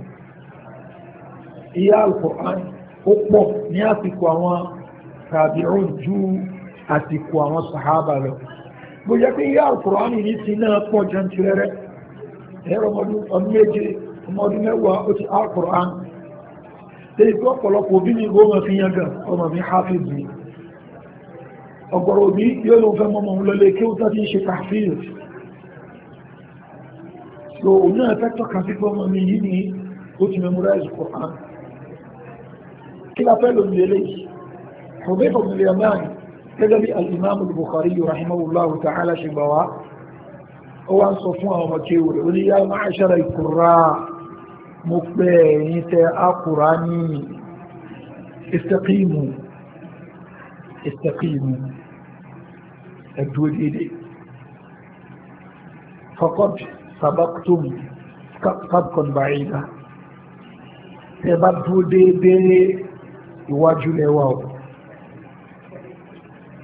ìyá alkùnrin ó pọ̀ ní àsìkò àwọn tàbí oúnjẹ àsìkò àwọn sàhábà lọ bó jẹ́ pé ìyá alkùnrin ní ti náà pọ̀ jẹntìrẹrẹ ẹ̀rọ ọmọdún méje ọmọdún mẹ́wàá ó ti alkùnrin tẹ́ ìtọ́ ọ̀pọ̀lọpọ̀ òbí ni gómọ fi yan gan ọmọ mi hafiz ni ọ̀gọ̀rọ̀ òbí yóò lọ fẹ́ mọ́mọ́ ń lọlé kí ó tán ti ń ṣe kàfíìsì so òun náà fẹ́ tọ́ka sí pé ọmọ mi yìí ni ó ti memorize Quran kí la fẹ́ lòun lè léyìí ọ̀bẹ́ ọ̀bùn lè máa ní gẹ́gẹ́ bí al-Imam al-Bukhari rahimahullah ta'ala ṣe gbà wá ó wá ń sọ fún àwọn ọmọ kéwù rẹ̀ ó ní yá máa ṣára ìkúra mo pè ẹ̀yin tẹ àkùrá ní istaqimu istaqimu ẹ̀dúró déédéé faqad sabaktum sabkon ba'ida ẹ bá dúró déédéé iwájú lẹ́wà o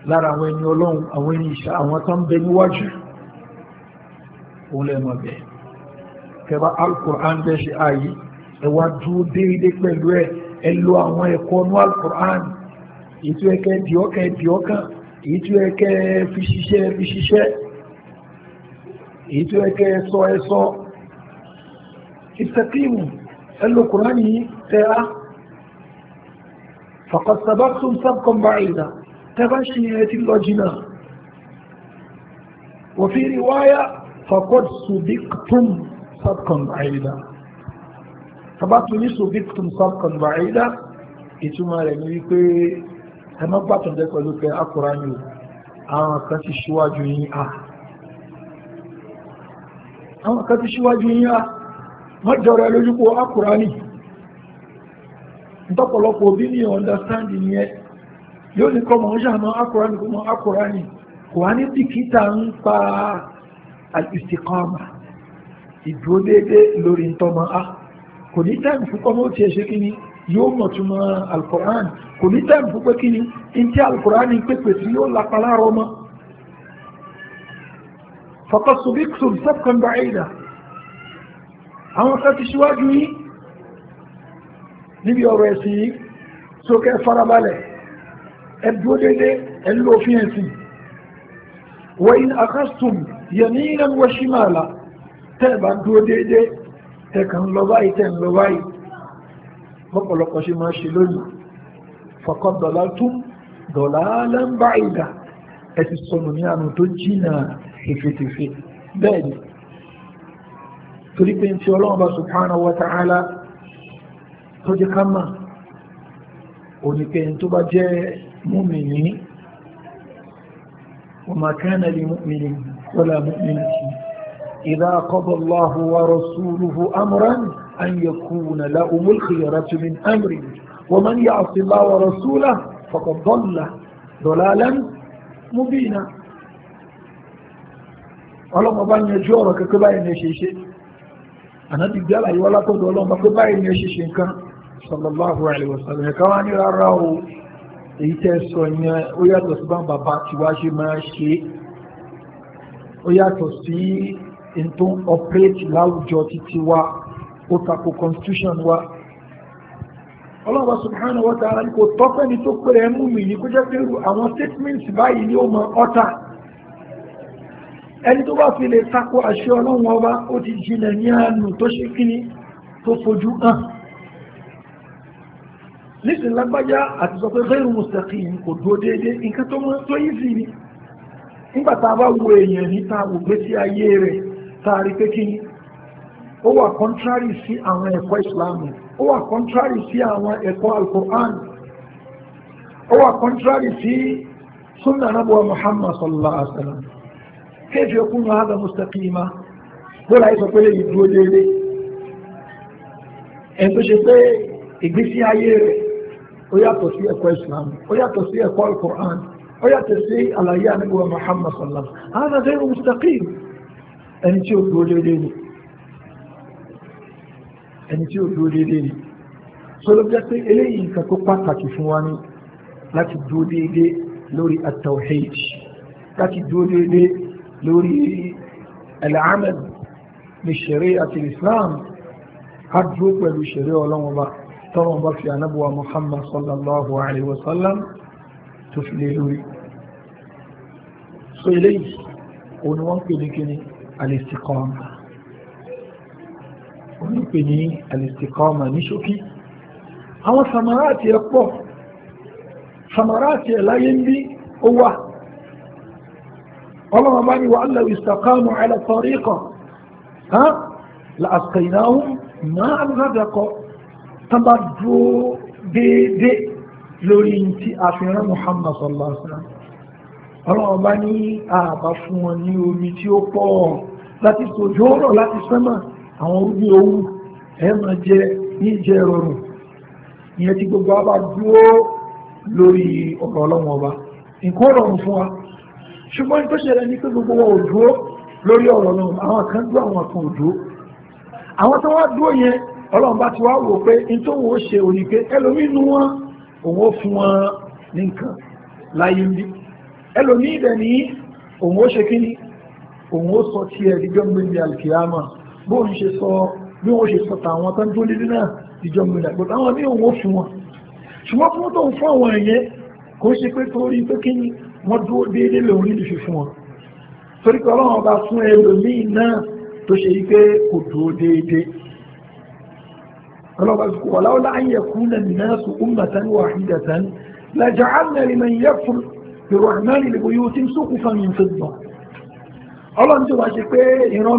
lára àwọn ẹni ọlọ́run àwọn ẹni ìṣà àwọn tó ń bẹ níwájú òun lẹ́mọ̀ bẹ́ẹ̀ kẹba alkùrán bẹ́ ṣe ààyè ẹwà dúró déédéé pẹ̀lú ẹ ẹ lo àwọn ẹ̀kọ́ ní alkùrán èyí tó yẹ kẹ́ di ọkàn fi ṣiṣẹ́ fi ṣiṣẹ́ èyí tó yẹ kẹ́ ẹ sọ ẹ sọ ìsẹ̀kíìmù ẹlò kùránì tẹ́ á fàkọ̀sàbá tún sábkọ̀ báyìí tẹ́ bá ṣe yẹ ti lọ jìnnà وفي رواية فقد صدقتم صدقا بعيدا sabatu ni subiktum ìtumọ̀ rẹ̀ ni wípé ẹ má gbàtàn akùránì àwọn kan ti ṣíwájú yín à àwọn kan ti ṣíwájú yíya mọ́jọra lójúkó akùránì ìtọ́pọ̀lọpọ̀ òbí ní ọ̀ndàstáǹdì yẹn yóò ní kọ́ mọ̀ ń ṣàmọ́ akùránì kọ́ mọ́ akùránì kò wá ní bìkítà ń pa al-istiqama ìdúró déédé lórí ntọ́mọ a kò ní táìmù púpọ̀ mọ́ ti ẹ̀ṣẹ́ kíní yóò mọ̀ túmọ̀ al-Qur'an kò ní táìmù púpọ̀ kíní ní tí al-Qur'an ń yóò lápá láàárọ̀ mọ́ فقد سبقتم سبقا بعيدا àwọn kan ti ṣíwájú yí níbi ọ̀rọ̀ ẹ̀sìn yìí sókè farabalẹ̀ ẹ̀dúró dédé ẹ̀lú òfin ẹ̀sìn wà ní akásùn yẹ̀mí ìlànà wọ́n ṣí máa là tẹ́ẹ̀bà dúró dédé tẹ́ẹ̀kàn lọ báyìí tẹ́ẹ̀ lọ báyìí mọ́pọ̀lọpọ̀ ṣe máa ṣe lónìí fọ̀kọ́ dọ̀lá tún dọ̀lá lẹ́mbàá ìdá ẹ̀sìn sọnù ní àná tó jìnnà ìfètèfè bẹ́ẹ̀ ni torí pé tí ọlọ́run bá subhanahu wa ta'ala tó jẹ́ ká mà oníkẹyìn tó bá jẹ́ múmìnì wa ma kana li mu'minin wala mu'minatin idha qada Allahu wa rasuluhu amran an yakuna lahumul khiyaratu min amrihim ومن يعص الله ورسوله فقد ضل ضلالا مبينا ọlọ́mọ bá yanjú ọ̀rọ̀ kẹ́kẹ́ báyìí ní ṣeṣe ànábì gbé àlàyé wá látọ̀dọ̀ ọlọ́mọ pé báyìí ní ṣeṣe nǹkan sallallahu alaihi wasallam ẹ̀ka wá ní rárá o èyí tẹ́ sọ yẹn ó yàtọ̀ sí báwọn bàbá tí wá ṣe máa ṣe ó yàtọ̀ sí n tó ń ọpẹ́rẹ́tì láwùjọ títí wa ó tako constitution wa ọlọ́mọ subhanahu wa ta'ala ni kò tọ́pẹ́ ni tó pèrè mú mi ní kó jẹ́ pé àwọn statements báyìí ni ó mọ ọ́tà ẹni tó bá fi lè takò àṣẹ ọlọ́run ọba ó ti jìnà ní àánú tó ṣe kíní tó fojú hàn nísìn lágbájá àti sọ pé kò nǹkan tó mọ́ tó sí ni a bá wo èèyàn níta wò gbé sí ayé rẹ̀ tá pé kíní ó wà contrary sí àwọn ẹ̀kọ́ ó wà contrary sí àwọn ẹ̀kọ́ al ó wà contrary sí sunna nabuwa Muhammad sallallahu wa kéèfì okùn náà hàbà mustaqima bóra ìsọ pé lè dúró déédéé ẹni tó ṣe pé ìgbésí ayé rẹ̀ ó yàtọ̀ sí ẹ̀kọ́ Islam ó yàtọ̀ sí ẹ̀kọ́ Al-Qur'an ó yàtọ̀ sí àlàyé àníwá Muhammad sallam àwọn àti ẹ̀rọ mustaqim ẹni tí ó dúró déédéé ni ẹni tí ó dúró déédéé ni sọlọ bí a pé eléyìí nǹkan tó pàtàkì fún wa ni láti dúró déédéé lórí at-tawhid láti dúró déédéé lórí al-amal bi shari'ati al-islam ká dúró pẹ̀lú ṣeré ọlọ́wọ́n bá tọ́wọ́n bá fi ànábùwà muhammad sallallahu alayhi wa sallam tó fi lé lórí so eléyìí òun ni wọ́n ń pè ní kíni al-istiqama òun ń pè ní al-istiqama ní ṣókí àwọn samara àti ẹ̀ pọ̀ samara àti ẹ̀ láyé ń bí ó wà ọlọ́run bá ní wà lọ ìsàkámù àìlẹ́sọ̀rí kan hàn láàkìnáhùn máa àbúrádàkọ tán bá dúró déédéé lórí ti àfihàn Muhammad sallallahu alaihi wasallam ọlọ́run bá ní àbá fún wọn ní omi tí ó pọ̀ láti sojú ọ̀rọ̀ láti sẹ́mà àwọn orí owó ẹ̀mà jẹ ní ìjẹ rọrùn ìyẹn tí gbogbo wa dúró lórí ọ̀rọ̀ ọlọ́run ọba nǹkan rọrùn fún wa ṣùgbọ́n tó ṣẹlẹ̀ ní pé gbogbo wọn ò dúró lórí ọ̀rọ̀ lọ́wọ́ àwọn kan dúró àwọn kan ò dúró àwọn tó wá dúró yẹn ọlọ́run bá ti wá wò pé in tó wò ó ṣe òní pé ẹlòmí nu wọn òun ó fún wọn ní nǹkan láyé ń bí ẹlòmí ibẹ̀ ní òun ó ṣe kí ni òun ó sọ tiẹ̀ díjọ́ gbẹ̀ndì alkiyama bóun ṣe sọ bí wọ́n ṣe sọ tàwọn tó ń dúró lílé náà díjọ́ gbẹ̀ndì àgbọ̀tà àwọn ní òun ó fún wọn ṣùgbọ́n fún tó ń fún àwọn ẹ̀yẹ kò ṣe pé torí pé kí ni wọ́n dúró déédéé lórí ìfi fún wọn torí pé ọlọ́run ọba fún ẹlòmíì náà tó ṣe yí pé kò dúró déédéé ọlọ́run ọba sọ wọ́n láwọ́lá ayé kún náà nìyẹn sọ ummatan wahidatan laja'alna liman yakfur birrahmani li buyutin suqufan min fiddah ọlọ́run tí wọ́n ṣe pé ìran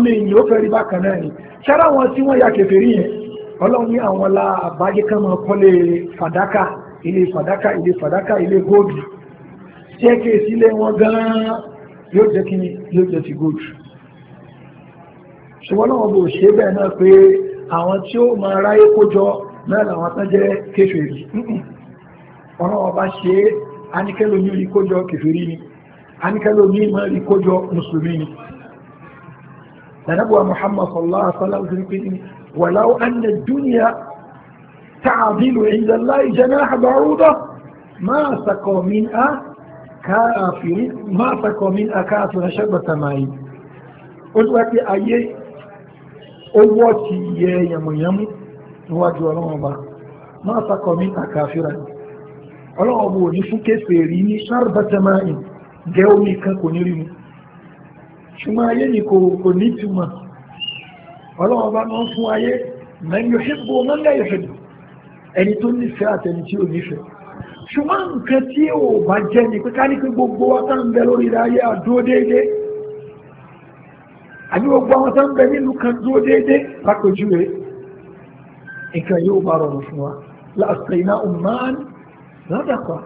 staircase ilé wọn gan-an yóò jẹ́ kí ni yóò jẹ́ ti good ṣùgbọ́n náà bò ṣe bẹ́ẹ̀ náà pé àwọn tí ó máa ráyé kójọ náà làwọn tán jẹ́ kéfèrí ọ̀nà ọba ṣe anikẹ́lò ní kójọ kéfèrí ni anikẹ́lò máa rí kójọ mùsùlùmí ni lẹ́nàbùwà Muhammad sallallahu alaihi wa sallam ti pín ní wàláwọ́ anna dúnìyà ta'adilu inda Allahi janaha ba'udah ma saqa minha káàfìrí máa pẹ̀kọ̀ mí akáàfìrí ṣẹ́gbọ̀tà máa yìí ó ti wá pé ayé owó ti yẹ yàmùyàmù níwájú ọlọ́wọ́n ọba máa pẹ̀kọ̀ mí akáàfìrí ọlọ́wọ́n ọba ò ní fún kèfèrí ní ṣàrbàtà máa omi kan kò ní rí mu ṣùgbọ́n ayé ni kò ní túmọ̀ ọlọ́wọ́n bá máa ń fún ayé man yuhibbu man la yuhibbu ẹni tó nífẹ̀ẹ́ àtẹni ò nífẹ̀ẹ́ ṣùgbọ́n nǹkan tí ò bá jẹ́ ní pé ká ní pé gbogbo wa tá ń bẹ lórí ayé àdúró déédé àbí gbogbo àwọn tá ń bẹ nílùú kan dúró déédé lápèjúwe nǹkan yóò bá rọrùn fún wa láàpẹ iná umman ládàpá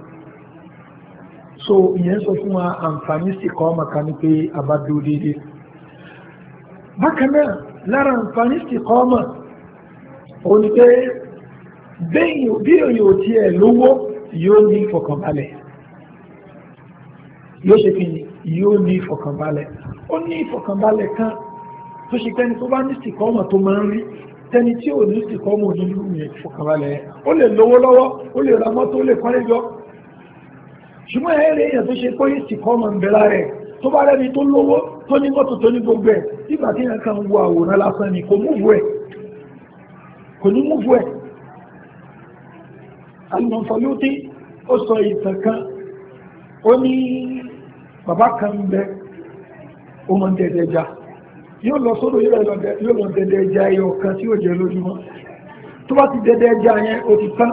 so ìyẹn sọ fún wa àǹfààní sì kọ́ ọmọ kan ní pé a bá dúró déédé bákan náà lára àǹfààní sì kọ́ ọmọ òun ni pé bẹ́ẹ̀ bí òye ò tiẹ̀ lówó yóò ní ìfọ̀kànbalẹ̀ yóò ṣe kí yóò ní ìfọ̀kànbalẹ̀ ó ní ìfọ̀kànbalẹ̀ kan tó ṣe pẹ́ni tó bá ní ìsìnkọ́mọ̀ tó máa ń rí tẹni tí ò ní ìsìnkọ́mọ̀ nínú yẹn ìfọ̀kànbalẹ̀ yẹn ó lè lówó lọ́wọ́ ó lè ra mọ́tò ó lè kọ́lé jọ ṣùgbọ́n ẹ̀ rẹ̀ èèyàn tó ṣe pé ìsìnkọ́mọ̀ ń bẹ lára ẹ̀ tó bá rẹ́ni tó lówó tó ní mọ́tò tó ní gbogbo ẹ̀ nígbà tí yẹn kan wo àwòrán lásán ni kò múvu ẹ̀ kò ní múvu ẹ̀ alùmọ̀fọ́lútí ó sọ ìtàn kan ó ní bàbá kan ń bẹ ọmọ dẹ̀dẹ̀ jà yóò lọ sódò yóò lọ dẹ̀dẹ̀ jà ẹyọ kan tí ó jẹ lójúmọ́ tó bá ti dẹ̀dẹ̀ jà yẹn ó ti tán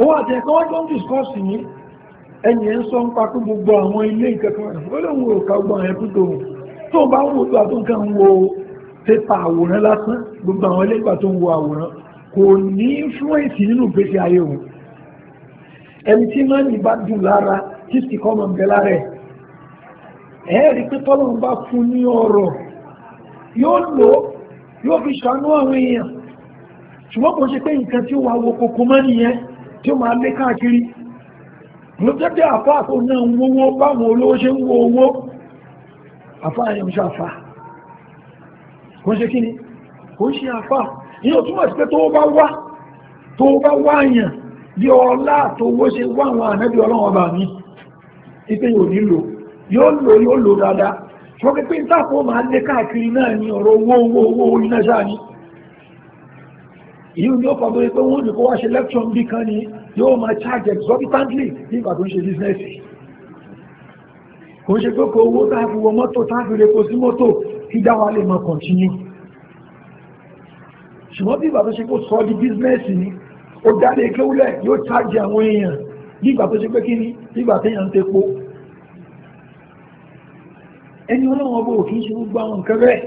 òun àti ẹ̀kọ́ wọ́n jọ ń dìskọ́sì yìí ẹni ẹ̀ ń sọ ń pakú gbogbo àwọn ilé ìkẹ́kọ̀ọ́ rẹ̀ ó lóun ò ka gbogbo àwọn ẹ̀kú tó wù tó bá ń wo tó àtúnkàn ń wo pépà àwòrán lásán gbogbo àwọn ilé ìgbà tó ń wo àwòrán kò ní influence nínú ìgbésí ayé òun ẹni tí máa ń bá dùn lára tí sì kọ́ máa ń bẹ lára ẹ̀ ẹ̀ẹ́rì pé tọ́lọ́run bá fún ní ọ̀rọ̀ yóò lò yóò fi ṣàánú àwọn èèyàn ṣùgbọ́n kò ṣe pé nǹkan tí ó wo kòkó mọ́ nìyẹn tí ó máa lé káàkiri ló jẹ́ pé àfá àkó náà ń wówó báwọn olówó ṣe ń wo owó àfá àyànṣe àfá kò ń ṣe kí ni kò ń ṣe àfá ní o túnmọ̀ sí pé tó bá wá tó bá wá yàn bí ọlá tó wó ṣe wá àwọn ànábì ọlọ́wọ́ bá mi ipe yóò nílò yóò lò yóò lò dáadáa ṣọ́ pé pé táàpọ̀ máa lé káàkiri náà ní ọ̀rọ̀ owó owó owó orí náà ṣáà ní ìyí ni ó kọ̀ lórí pé wọ́n ní kó wá ṣe lẹ́pṣọ̀n bí kan ni yóò máa charge exorbitantly nígbà tó ń ṣe bísínẹ́sì kò ń ṣe pé kò owó táàfi wọ mọ́tò táàfi repo sí mọ́tò kí dáwà lè máa continue ṣùgbọ́n bí ìgbà tó ṣe kó sọ di bísínẹ́sì ni ó jáde kéwúlẹ̀ yóò chájì àwọn èèyàn bí ìgbà tó ṣe pé kíni bí ìgbà téèyàn ń tepo ẹni ọlọ́wọ́n bò kì í ṣe gbogbo àwọn nǹkan bẹ́ẹ̀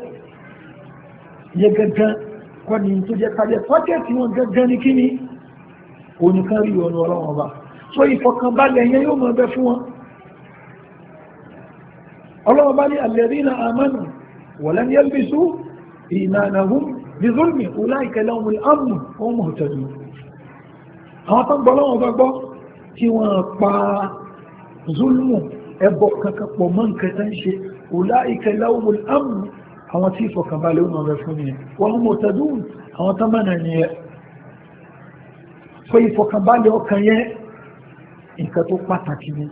yẹ gangan kọ́ ni tó jẹ́ kájẹ́ pọ́kẹ́tì wọn gangan ni kíni onìkan rí ọ̀nà ọlọ́wọ́n bá so ìfọkànbalẹ̀ yẹn yóò máa bẹ fún wọn ọlọ́wọ́n bá ní alladhina amanu wa lam yalbisu imanahum bizulmi ulaika لهم amnu wọn mọ̀ tẹ̀lé àwọn tó ń gbọ́ lọ́wọ́ bá gbọ́ tí wọ́n pa zulmu ẹbọ kankan pọ̀ mọ́ nǹkan tó ń ṣe ulaika lahumul amnu àwọn tí ìfọ̀kànbalẹ̀ ó mọ̀ rẹ̀ fún nìyẹn wọ́n mọ̀ tẹ̀lé àwọn tó mọ̀ nìyẹn fẹ́ ìfọ̀kànbalẹ̀ ọkàn yẹn nǹkan tó pàtàkì ni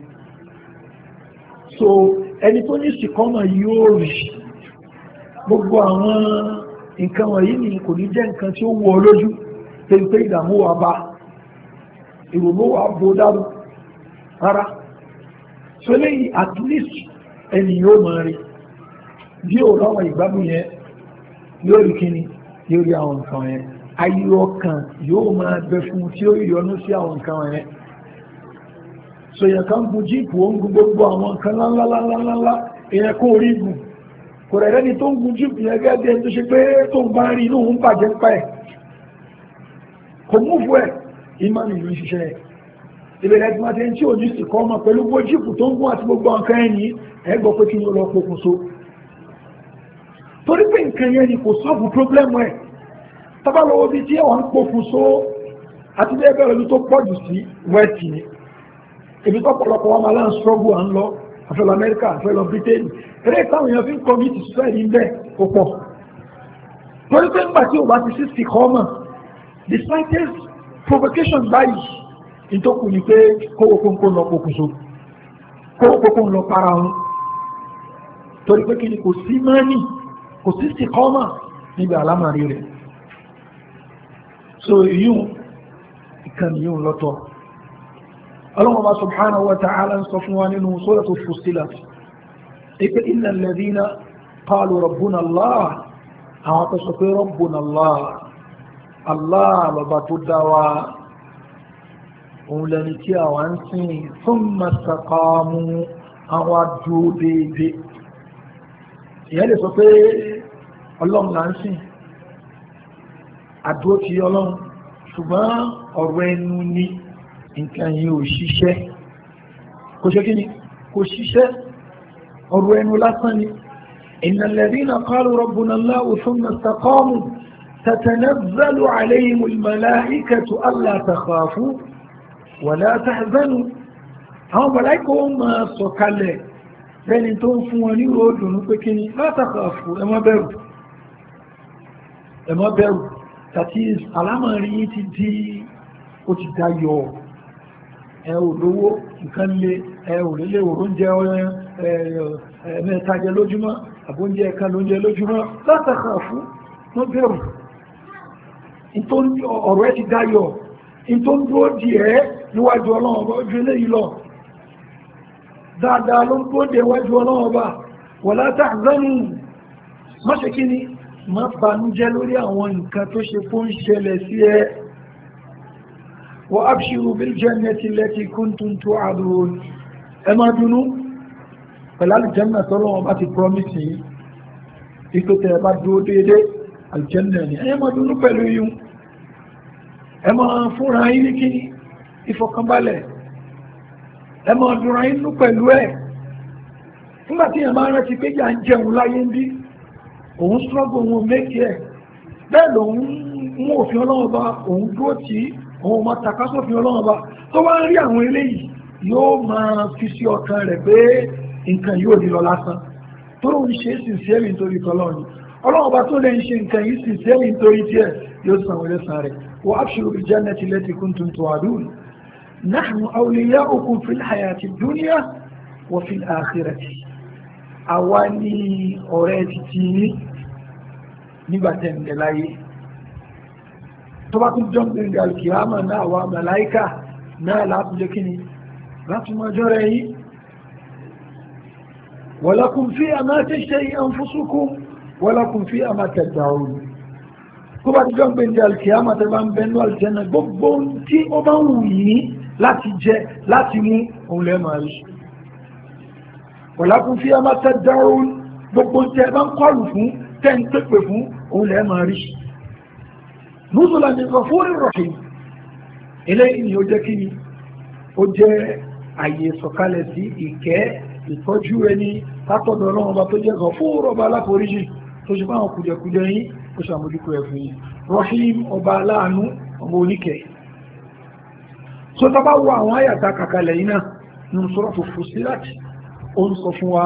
so ẹni tó ní ìsìnkọ́mọ̀ yóò rí gbogbo àwọn nǹkan wọ̀nyí ni kò ní jẹ́ nǹkan tí ó wọ lójú pé pé ìdààmú wa bá ìrònú wa bó dáró rárá so léyìn at least ẹni yóò mọ rí bí ò láwọn ìgbádùn yẹn yóò rí kíni yóò rí àwọn nǹkan yẹn ayé ọkàn yóò máa bẹ fún tí ó yọnu sí àwọn nǹkan yẹn so yẹn kan bu jíìpù ó ń gbogbo àwọn nǹkan ńláńláńláńlá ìyẹn kó rí gùn kò rẹ̀ lẹ́ni tó ń gun jíìpù yẹn gẹ́gẹ́ tó ṣe pé tó ń bá rí inú ń bàjẹ́ pa ẹ̀ kò múfù ẹ̀ ìmánì ìlú ṣiṣẹ́ ẹ̀ ìbẹ̀rẹ̀ tí wọ́n ti ń tí ojú sì kọ́ ọmọ pẹ̀lú gbogbo jíìpù tó ń gún àti gbogbo nǹkan ẹ̀yìn ẹ̀ gbọ́ pé kí ni ó lọ pokùnso torí pé nǹkan yẹn ni kò sọ́ọ̀bù pírọ́blẹ́mù ẹ̀ tábàlọ́wọ́ bíi tí ẹ̀wọ̀n ń pokùnso àti bí ẹgbẹ́ rẹ̀ tó pọ̀ jù sí wẹ́ẹ̀tì ni èmi tó pọ̀lọpọ̀ wọn máa ń sọ́ọ̀bù à ń lọ afẹ́ lọ amẹ́ríkà afẹ́ lọ bírítéènì eré táwọn èèyàn fi ń kọ́mítì sọ́ẹ̀lì ń bẹ̀ kó pọ̀ torí pé nígbà tí ò bá ti sí sí kọ́ mọ̀ the slightest provocation báyìí ìtòkù ni pé kówó kónkó lọ pokùnso kówó kónkó lọ para wọn torí pé kí ni kò sí mọ́nì kò sí sí kọ́ mọ̀ níbi àlámàrí rẹ̀ so ìyún ìkànnì yóò lọ́tọ̀ọ́ ọlọ́run bá subhanahu wa ta'ala ń sọ fún wa nínú suratu Fussilat ipe innal ladhina qalu rabbuna Allah àwọn tó sọ pé rabbuna Allah Allah lọ́ba tó dá wa òun lẹni tí àwọn ń sìn thumma istaqamu àwọn adúró déédéé ìyẹn lè sọ pé ọlọ́run là ń sìn adúró ti ọlọ́run ṣùgbọ́n ọ̀rọ̀ ẹnu ni nǹkan yìí ò ṣiṣẹ́ kò ṣe kí ni kò ṣiṣẹ́ ọ̀rọ̀ ẹnu lásán ni إن الذين قالوا ربنا الله ثم استقاموا تتنزل عليهم الملائكة ألا تخافوا ولا تحزنوا àwọn mọ̀láìkò ma sọ̀kalẹ̀ bẹ́ni tó ń fún wọn ní ròdùn ní pé kí ni látàkàfù ẹ má bẹ̀rù ẹ má ti di ó ti dayọ̀ ẹ ò lówó nǹkan lé ẹ ò lélẹ̀ oúnjẹ ẹ̀ẹ̀mẹ́tajẹ lójúmọ́ àbóúnjẹ ẹ̀ka lóúnjẹ lójúmọ́ látàkà fún ló bẹ̀rù ọ̀rọ̀ ẹ ti dáyọ̀ tó ń dúró di ẹ̀ níwájú ọlọ́run ọba ojú eléyìí lọ dáadáa ló ń dúró di ẹwájú وأبشروا بالجنة التي كنتم توعدون أما دنو فلا الجنة تلوم أتي بروميسي إكو تبادو ديدي الجنة أما دنو بلويو أما فورهاي لكني ìfọ̀kànbalẹ̀ ẹ máa dùnra inú pẹ̀lú ẹ̀ nígbà tí ẹ̀ máa rántí pé jà ń jẹun láyé ń bí òun struggle òun méjì ẹ̀ bẹ́ẹ̀ lòun mú òfin ọlọ́wọ́ bá òun dúró tì í òun máa takásófin ọlọ́run ọba tó bá ń rí àwọn eléyìí yóò máa fi sí ọkàn rẹ̀ pé nǹkan yóò di lọ lásán tó lóun ṣe sincerely nítorí tọ́lọ́run ọlọ́run ọba tó lè ń ṣe nǹkan yìí sincerely nítorí tiẹ̀ yóò san wọlé san rẹ̀ wa abshiru bil jannati allati kuntum tu'adun nahnu awliya'ukum fil hayati dunya wa fil akhirati àwa ní ọ̀rẹ́ títí nígbà tẹ̀ ń tó bá tún jọ pé ní alkiyama náà wà màláíkà náà láti jẹ́ kí ni láti mọ ọjọ́ rẹ̀ yìí walakum fiha ma tashtahi anfusukum walakum fiha ma tad'un tó bá ti jọ pé ní alkiyama tó bá ń bẹ ní aljanna gbogbo tí ó bá wù yìí láti jẹ láti mú òun lẹ́ máa rí walakum fiha ma tad'un gbogbo tí ẹ bá ń kọlù fún tẹ́ ń pèpè fún òun lẹ́ máa rí nùsùlá ní gọfúrí rọ̀hìn eléyìí ni ó jẹ́ kí ni ó jẹ́ àyè sọ̀kalẹ̀ sí ìkẹ́ ìtọ́jú ẹni látọ̀dọ̀ ọlọ́run ọba tó jẹ́ gọfúrú ọba aláforíjì tó ṣe fáwọn kùjẹkùjẹ yín ó ṣàmójúkú ẹ̀ fún yín rọ̀hìn ọba aláàánú ọmọ oníkẹ́ tó tábà wọ àwọn àyàtà kàkalẹ̀ yìí náà ní sọ̀rọ̀ tó Fussilat ó ń sọ fún wa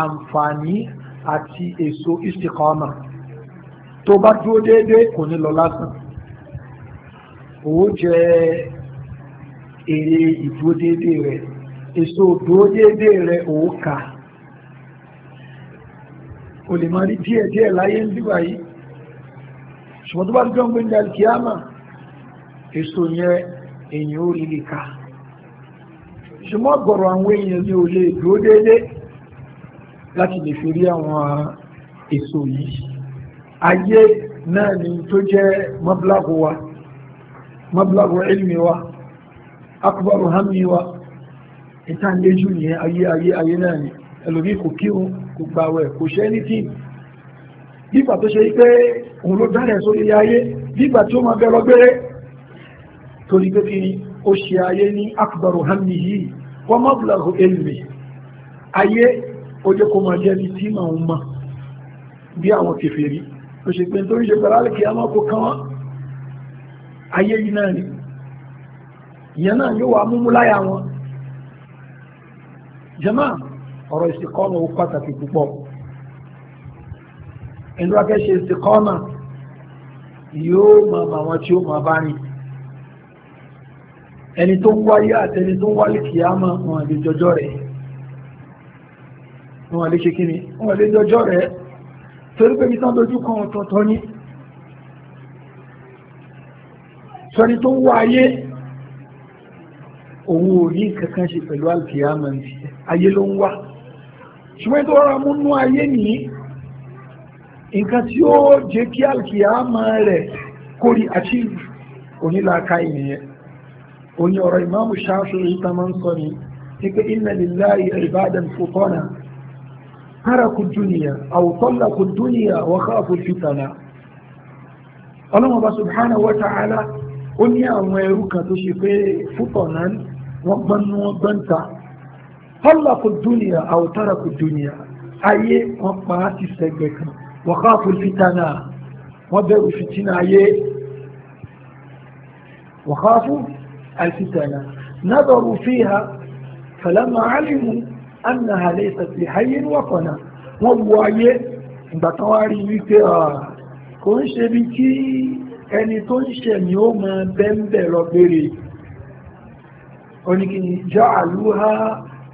àǹfààní àti èso istiqama tó bá dúró déédéé kò ní lọ lásán owó jẹ èrè ìdúró déédéé rẹ èso ìdúró déédéé rẹ òwò kà o lè máa rí díẹ̀ díẹ̀ láyé ń bíbà yìí ṣùgbọ́n tó bá dúró gbé ní alikiyama èso yẹn èyàn ò rí lè kà ṣùgbọ́n gbọ̀rọ̀ àwọn èèyàn ní olè dúró déédéé láti lè fi rí àwọn èso yìí. ayé náà ni tó jẹ́ mablagu wa mablagu ilmi wa akbaru hammi wa ìta ń ayé ayé ayé náà ni ẹlòmí kò kírun kò gbàwẹ̀ kò ṣe anything nígbà tó ṣe pé òun ló dárẹ̀ sórí ayé nígbà tí ó máa bẹ̀rọ gbére torí pé kí ó ṣe ayé ní akbaru hammi yìí ilmi ayé ó jẹ́ kó tó ṣe pé tó ń ṣe pẹ̀lú alìkì àmọ́ kò kán ayé yìí náà ni ìyẹn náà yóò wà múmú láyà wọn jẹ́mà ọ̀rọ̀ ìsìnkọ́nà ó pàtàkì púpọ̀ ẹni wá fẹ́ ṣe ìsìnkọ́nà yóò máa mọ àwọn tí ó máa bá rìn ẹni tó ń wáyé àtẹni tó ń wáyé kìámà wọn àlejò wọn àlejò kíni wọn àlejò rẹ̀ torí pé ìtàn dojú kan ọ̀tọ̀ọ̀tọ̀ ni sọ́ni tó ń wá ayé òun ò ní kankan ṣe pẹ̀lú alkiyama ayé ló ń wá ṣùgbọ́n tó rọra múnú ayé nìyí nǹkan tí ó jẹ́ kí alkiyama rẹ̀ kórì achieve onílàáká ìnìyẹn òní ọ̀rọ̀ ìmáàmù Ṣáfi'í ìtàn máa ń sọ ni wípé inna lillahi ibadan futana haraku duniya aw talaku duniya wa khafu fitana ọlọ́run ọba subhanahu wa ta'ala ó ní àwọn ẹrú kan tó ṣe pé fúpọ̀ náà wọ́n gbọ́nú wọn gbọ́nta talaku duniya aw taraku duniya ayé wọn pa á ti sẹ́gbẹ̀ kan wa khafu fitana wọ́n bẹ̀rù fitina ayé wa khafu alfitana nadaru fiha falamma alimu annaha laysat bi hayyin wa qana wọ́n wo ayé ìgbà tán wá rí wípé kò ń ṣe bí kí ẹni tó ń ṣe ni ó máa bẹ́ńbẹ̀ lọ béèrè oníkì ja'aluha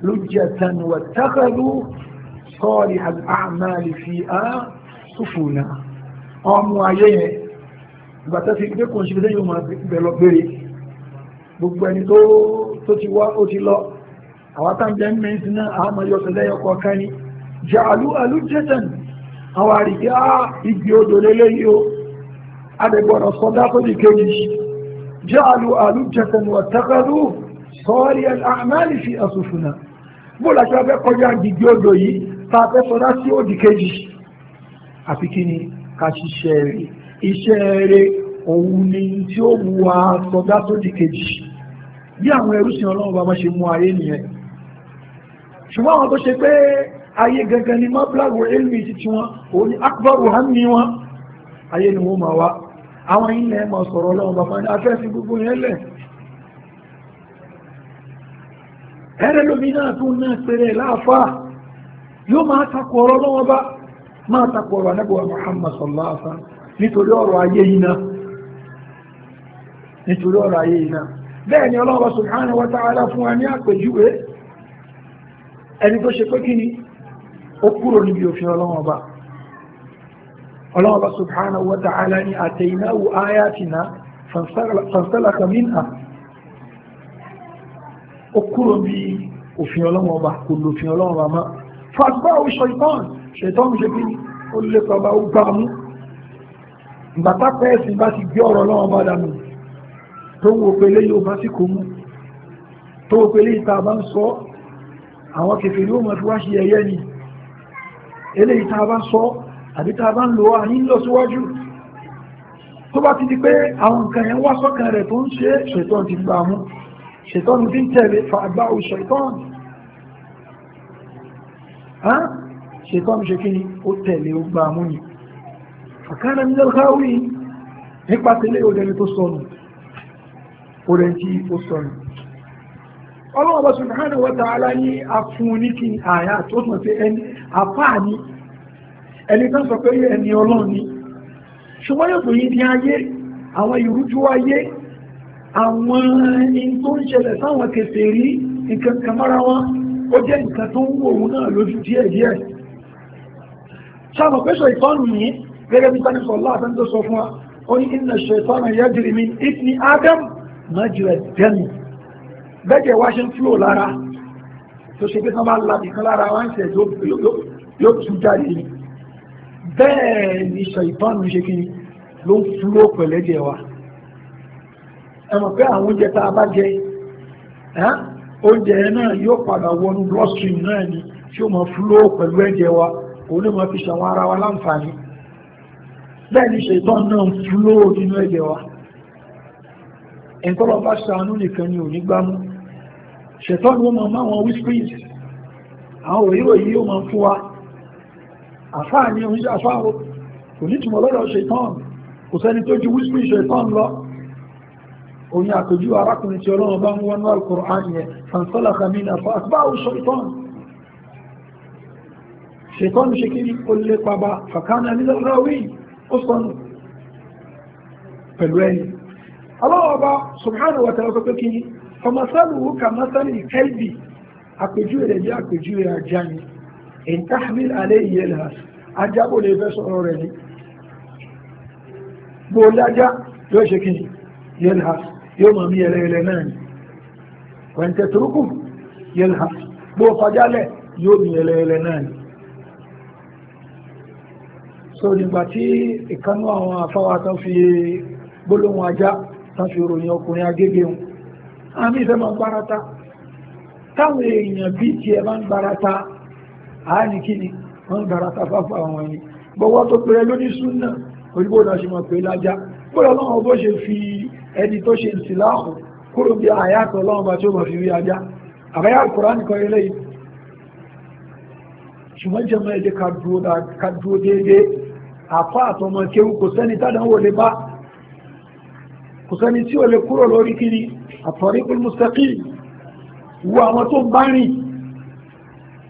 lujjatan wattakhadhu salihal a'mali fiha sufuna ọmọ ayé yẹn ìgbà tó fi gbé kò ń ṣe bí sẹ́yìn ó máa bẹ̀ lọ béèrè gbogbo ẹni tó ti wá ó ti lọ àwọn táǹjẹ́ mẹ́sìn náà àwọn ọmọ yọ̀sẹ̀ lẹ́yọkọ̀ kan ní jàálù alújẹ́tẹ̀n àwọn àríkẹ́ á igi odò lélẹ́ yìí ó adẹ̀gbọ̀nà sọdá tó di kejì jàálù alújẹ́tẹ̀n wà tẹ́kẹ́lú sọ́ọ́rí bí àwọn ẹrú ọlọ́run bá máa ṣe mú ayé nìyẹn ṣùgbọ́n àwọn tó ṣe pé ayé gangan ni mọ́bíláwò ilmi ti ti wọn ò ní akbaru hanni wọn ayé ni wọ́n ma wá àwọn ilẹ̀ ma sọ̀rọ̀ lọ́wọ́ bàbá ní afẹ́fẹ́ gbogbo yẹn lẹ̀ ẹ̀rẹ́ lómi náà tún náà pèrè láàfà yóò máa takò ọ̀rọ̀ lọ́wọ́ bá máa takò ọ̀rọ̀ anábọ̀wà Muhammad sallallahu alaihi nítorí ọ̀rọ̀ ayé yìí náà nítorí ọ̀rọ̀ ayé yìí náà bẹ́ẹ̀ ni Ọlọ́hun subhanahu ẹni tó ṣe pé kí ni ó kúrò níbi òfin ọlọ́wọ́n ọba ọlọ́wọ́n ọba subhanahu wa ta'ala ni ataynahu ayatina fansalaka minha ó kúrò níbi òfin ọlọ́wọ́n ọba kò lò òfin ọlọ́wọ́n ọba mọ́ fàgbà ó ṣaitan ṣaitan ṣe kí ni ó lè pàbá ó gbà mú bàtà pẹ́ẹ̀sì bá ti gbé ọ̀rọ̀ ọlọ́wọ́n dànù tó ń wo pé léyìn ó mú tó wo pé léyìn tá a bá ń sọ ọ́ àwọn kèfè ní ó mọ̀ fi wá ṣe ẹyẹ ni eléyìí tá bá sọ àbí tá bá ń lo àní ń lọ síwájú tó bá ti di pé àwọn nǹkan yẹn wá sọ́kàn rẹ̀ tó ń ṣe ṣètọ́n ti gbà mú ṣètọ́n ti ń tẹ̀lé fàgbà ò ṣètọ́n ṣètọ́n ṣe kí ni ó tẹ̀lé ó gbà mú ni fàkánà ní lọ́kàwí nípa òdẹni tó sọnù òdẹni tí ó sọnù ọlọ́wọ́ bá subhanahu wa ta'ala ní afúnikí àyà tó tún pé ẹni àfáàní ẹni tán sọ pé ẹni ọlọ́ni ṣùgbọ́n yóò yí ní ayé àwọn ìrújú ayé àwọn in tó ń ṣẹlẹ̀ sáwọn kẹsẹ̀ rí nǹkan kamara wọn ó jẹ́ nǹkan tó ń wò òun náà lójú díẹ̀ díẹ̀ sáwọn pẹ́sọ̀ ìtọ́nù yìí gẹ́gẹ́ bí tánìsọ̀ láàbẹ́ sọ fún wa ó ní inna shaytana yajri min ibni adam majra dami bẹ́jẹ̀ wá ṣe ń fúlò lára tó ṣe pé sọ́mà lábì kan lára wá ń ṣẹ̀ yóò tún jáde ni bẹ́ẹ̀ ni sọ ìtọ́nù ṣe kí ló ń fúlò pẹ̀lẹ́jẹ̀ wa ẹ mọ̀ pé àwọn oúnjẹ tá a bá jẹ oúnjẹ náà yóò padà wọnú bloodstream náà ni tí ó mọ̀ fúlò pẹ̀lú ẹ̀jẹ̀ wa òun ló mọ̀ fi ṣàwọn ara wa láǹfààní bẹ́ẹ̀ ni ṣètọ́n náà ń fúlò nínú ẹ̀jẹ̀ wa ẹ̀ńtọ́lọ́ bá ṣàánú nìkan ni ò ní gbámú ṣẹ̀tọ́ ni wọ́n máa máa wọn whisperings àwọn òyíwò yìí yóò máa fún wa àfáà ní oúnjẹ àfáàrò kò ní túnmọ̀ lọ́dọ̀ ṣẹ̀tọ́n kò sẹ́ni tó ju whisperings ṣẹ̀tọ́n lọ quran yẹn fansọ́lá kamina fa àtúbáwò ṣẹ̀tọ́n ṣẹ̀tọ́n ṣe kí ó lé paba fàkánà nílẹ̀ ráwí ó pẹ̀lú ẹni ọlọ́run ọba subhanahu wa ta'ala sọ pé kí fọmọsálùwò kàmásálì kẹ́lbì àpèjúwe rẹ̀ jẹ́ àpèjúwe ajá ni ìtàhmìl alẹ́ ìyẹlẹ̀ ajá bò lè fẹ́ sọ̀rọ̀ rẹ̀ ni bò lájá yóò ṣe kí yẹlẹ̀ yóò mọ̀ mí ẹlẹ́ẹ̀lẹ́ náà ni wẹ̀ǹtẹ̀ tókù yẹlẹ̀ bò fàjálẹ̀ yóò mí ẹlẹ́ẹ̀lẹ́ náà ni so nígbà tí ìkanú àwọn afáwa tán fi gbólóhùn ajá tán fi ròyìn ọkùnrin agége wọn àmì ìfẹ́ máa ń gbárata táwọn èèyàn bí ti ẹ máa ń gbárata àání ni wọ́n ń gbárata fáfá àwọn ẹni gbọ́wọ́ tó pèrè lóní súnà olúbó náà ṣe mọ̀ pé lájá gbọ́dọ̀ lọ́wọ́ bó ṣe fi ẹni tó ṣe ìsìláàkù kúrò bí àyàtọ̀ lọ́wọ́ bá tí ó mọ̀ fi rí ajá àbáyá Kùránì nìkan ilé yìí ṣùgbọ́n jẹ́ mọ́ ẹ̀dẹ́ ká dúró déédéé àpá àtọmọ kéwù kò sẹ́ni tádàwọ̀ lè bá kò sẹ́ni tí ó lè kúrò lórí kiri àtọ̀ríkùn mustaqim wo àwọn tó ń bá rìn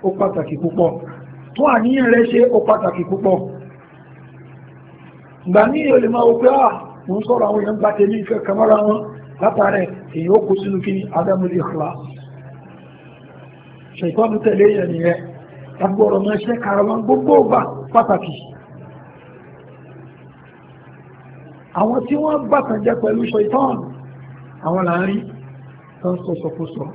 ó pàtàkì púpọ̀ tó àníyàn rẹ̀ ṣe ó pàtàkì púpọ̀ ìgbà ní ìyẹn lè máa wo pé ah mo ń sọ̀rọ̀ àwọn èèyàn gba tèmi ìfẹ́ kàmọ́ra wọn látàrẹ èyí ó kó sínú kí adamul ikhlas ṣèkọ́nù tẹ̀lé yẹn nìyẹn agbọ̀rọ̀ máa ṣe karawan gbogbo ọgbà pàtàkì àwọn tí wọ́n gbàtàn jẹ́ pẹ̀lú ṣaitan àwọn láàrin tán sọ̀sọ̀kúsọ̀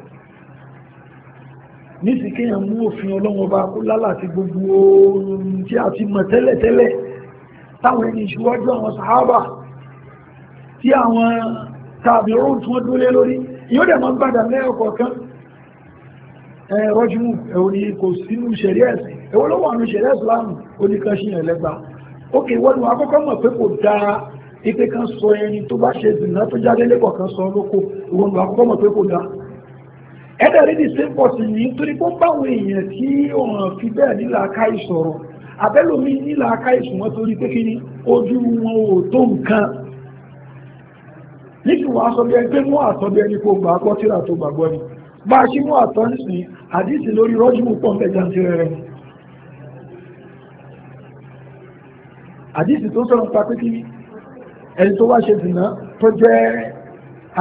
nísì kéèyàn mú òfin ọlọ́wọ́ bá kó lálà àti gbogbo ohun tí a ti mọ̀ tẹ́lẹ̀tẹ́lẹ̀ táwọn ẹni ìṣíwájú àwọn sàhábà tí àwọn tàbí ohun tí wọ́n dúlé lórí yóò dẹ̀ máa ń gbàdà lẹ́ọ̀kọ̀ kan rọ́júmù ẹ̀wọ̀n ni kò sínú ṣẹ̀rí ẹ̀sìn ẹ̀wọ̀n ló wà nù ipe kan sọ ẹni tó bá ṣe zìnà tó jáde lẹ́kọ̀ọ́ kan sọ lóko ìwọ̀n ló àkọ́kọ́ pé kò dá ẹ̀dẹ̀ rí di same person yìí nítorí pé báwọn èèyàn tí ọ̀ràn fi bẹ́ẹ̀ nílà aká ìsọ̀rọ̀ abẹ́lómi nílà aká ìsùnwọ́n torí pé kí ni ojú wọn ò tó nǹkan nítorí wọn aṣọ bí ẹni pé mú àtọ́ bí ẹni kó gbà á gbọ́ tíra tó gbàgbọ́ ni bá a ṣe mú àtọ́ nísìnyí àdìsí lórí rọ́jú mú pọ̀ nbẹ̀ jantirẹ̀ rẹ̀ tó sọ̀rọ̀ nípa ẹni tó wá ṣe dìnà tó jẹ́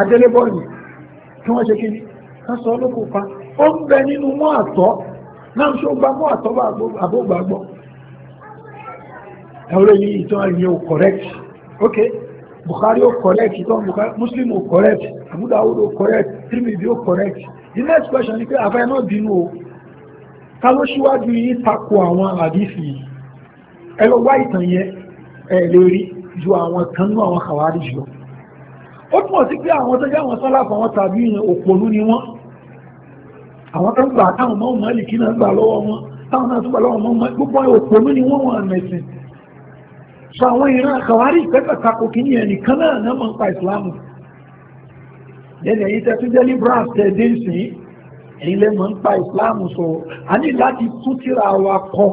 adélébọ̀lì tí wọ́n ṣe kí ni ká sọ ló kópa ó ń bẹ nínú mọ́ àtọ́ náà ṣó gba mọ́ àtọ́ bá àbógbàgbọ́ ẹ̀rọ yìí ìtàn ìyẹn ò correct ok Bukhari ò correct ìtàn Bukhari Muslim ò correct Abu Dawud ò correct Tirmidhi ò correct the next question ni pé àfẹ́ náà bínú o ká ló ṣíwájú yìí tako àwọn àdìsí ẹ lọ wá ìtàn yẹn ẹ lè ju àwọn kan nú àwọn kàwárí jùlọ ó túmọ̀ sí pé àwọn tó jẹ́ àwọn sálàfù àwọn tàbí òpònú ni wọ́n àwọn tó ń gbà táwọn mọ́ Málíkì náà gbà lọ́wọ́ wọn táwọn náà túbọ̀ lọ́wọ́ mọ́ gbogbo òpònú ni wọ́n wọn mẹ̀sìn sọ àwọn ìran kàwárí ìpẹ́kàtakò kí ni ẹnìkan náà náà mọ̀ ń pa ìsìlámù lẹ́nu ẹ̀yìn tẹ́ jẹ́ liberals tẹ́ dé sìn ẹ̀yin lẹ́ ń pa ìsìlámù sọ a ní láti tún tíra wa kọ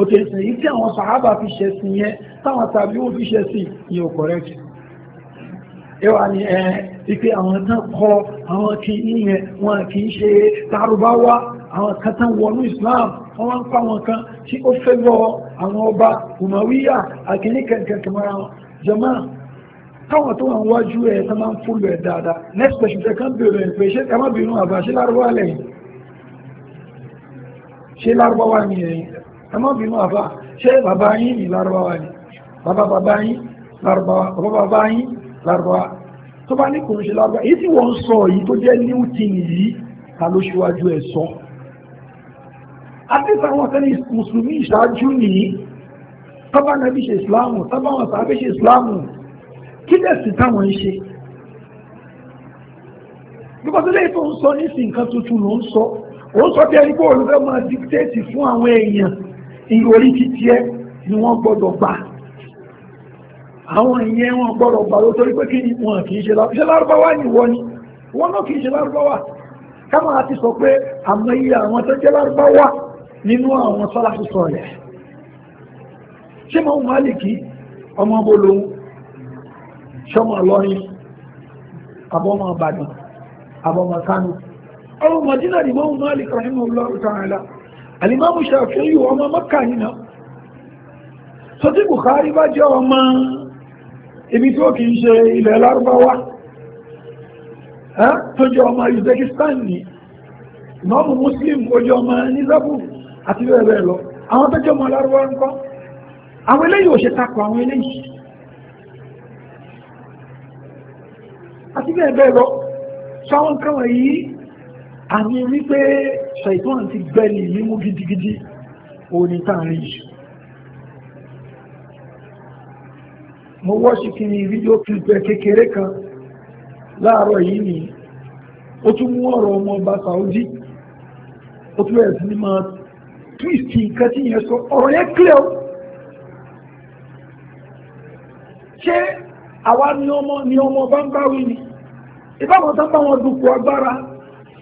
òkè ìsìn yìí tí àwọn sàhábà fi ṣẹ̀sìn yẹn táwọn tàbí wọ́n fi ṣẹ̀sìn yìí ò kọ̀rẹ́kì ẹwà ni ẹ wípé àwọn tán kọ àwọn kì í yẹn wọn kì í ṣe Lárúbáwá àwọn kan tán wọnú Islam wọn ń pa àwọn kan tí ó fẹ́ lọ àwọn ọba Umawiya àkíní kankan kìmọ́ra wọn jama táwọn tó wọn wájú ẹ tó máa ń fúlù ẹ dáadáa next question ṣe kán bèrè ẹ pé ṣé ẹ má bínú àbá ṣé Lárúbáwá lẹ́yìn ṣé Lárúbáwá ni ẹ̀yìn ẹmọ́ bínú àfá ṣé bàbá yín ní lárúbáwá ni bàbá bàbá yín lárúbáwá bàbá bàbá yín lárúbáwá tó bá ní kò ń ṣe lárúbáwá èyí tí wọ́n sọ yìí tó jẹ́ new thing yìí ta ló ṣíwájú ẹ̀ sọ àti sáwọn sẹ́ni mùsùlùmí ìṣáájú nìyí tọ́bá nàbí ṣe ìsìláàmù tọ́bá wọn sàábé ṣe ìsìláàmù kí lẹ́sìn táwọn ń ṣe bíkọ́sí lẹ́yìn tó ń sọ nísìn nǹkan tuntun ló ń sọ òun sọ bí ẹni pé olùfẹ́ máa dictate fún àwọn èèyàn orí títí ẹ ni wọ́n gbọ́dọ̀ gbà àwọn ìyẹn wọn gbọ́dọ̀ gbà ló torí pé kí ni wọn kì í ṣe lárúbáwá ṣe lárúbáwá ni wọ́n ni wọ́n náà kì í ṣe lárúbáwá káwọn àti sọ pé àmọ́ iye àwọn tó jẹ́ lárúbáwá nínú àwọn sọ́láṣí sọ rẹ̀ ṣé mọ́ Málìkì ọmọ ṣọmọ lọ́rin àbọ́mọ Ìbàdàn àbọ́mọ Kánò ọmọ Mádínà ni mọ́ Málìkì rahimahullahu ta'ala alimamu ṣàfihàn yìí ọmọ mọ́kà yìí náà tó tí Bukhari bá jẹ́ ọmọ ibi tó kìí ṣe ilẹ̀ lárúbáwá tó jẹ́ ọmọ Uzbekistan ni imamu Muslim ó jẹ́ ọmọ nizabu àti bẹ́ẹ̀ bẹ́ẹ̀ lọ àwọn tó jẹ́ ọmọ lárúbáwá ń kọ́ àwọn eléyìí ò ṣe takò àwọn eléyìí àti bẹ́ẹ̀ lọ sọ àwọn kan wọ̀nyí àmì wípé ṣàìtàn ti gbẹ̀lì mímú gidigidi òní tààrin jù mo wọ́ṣì kí ni fídíò klipẹ̀ kékeré kan láàárọ̀ yìí ni ó tún mú ọ̀rọ̀ ọmọ ọba Saudi ó tún bẹ̀rẹ̀ sí ni máa twist nǹkan tí yẹn sọ ọ̀rọ̀ yẹn clear o ṣé àwa ni ọmọ ni ọmọ bá ń báwí ni ìbáwọn tán bá wọn dupò agbára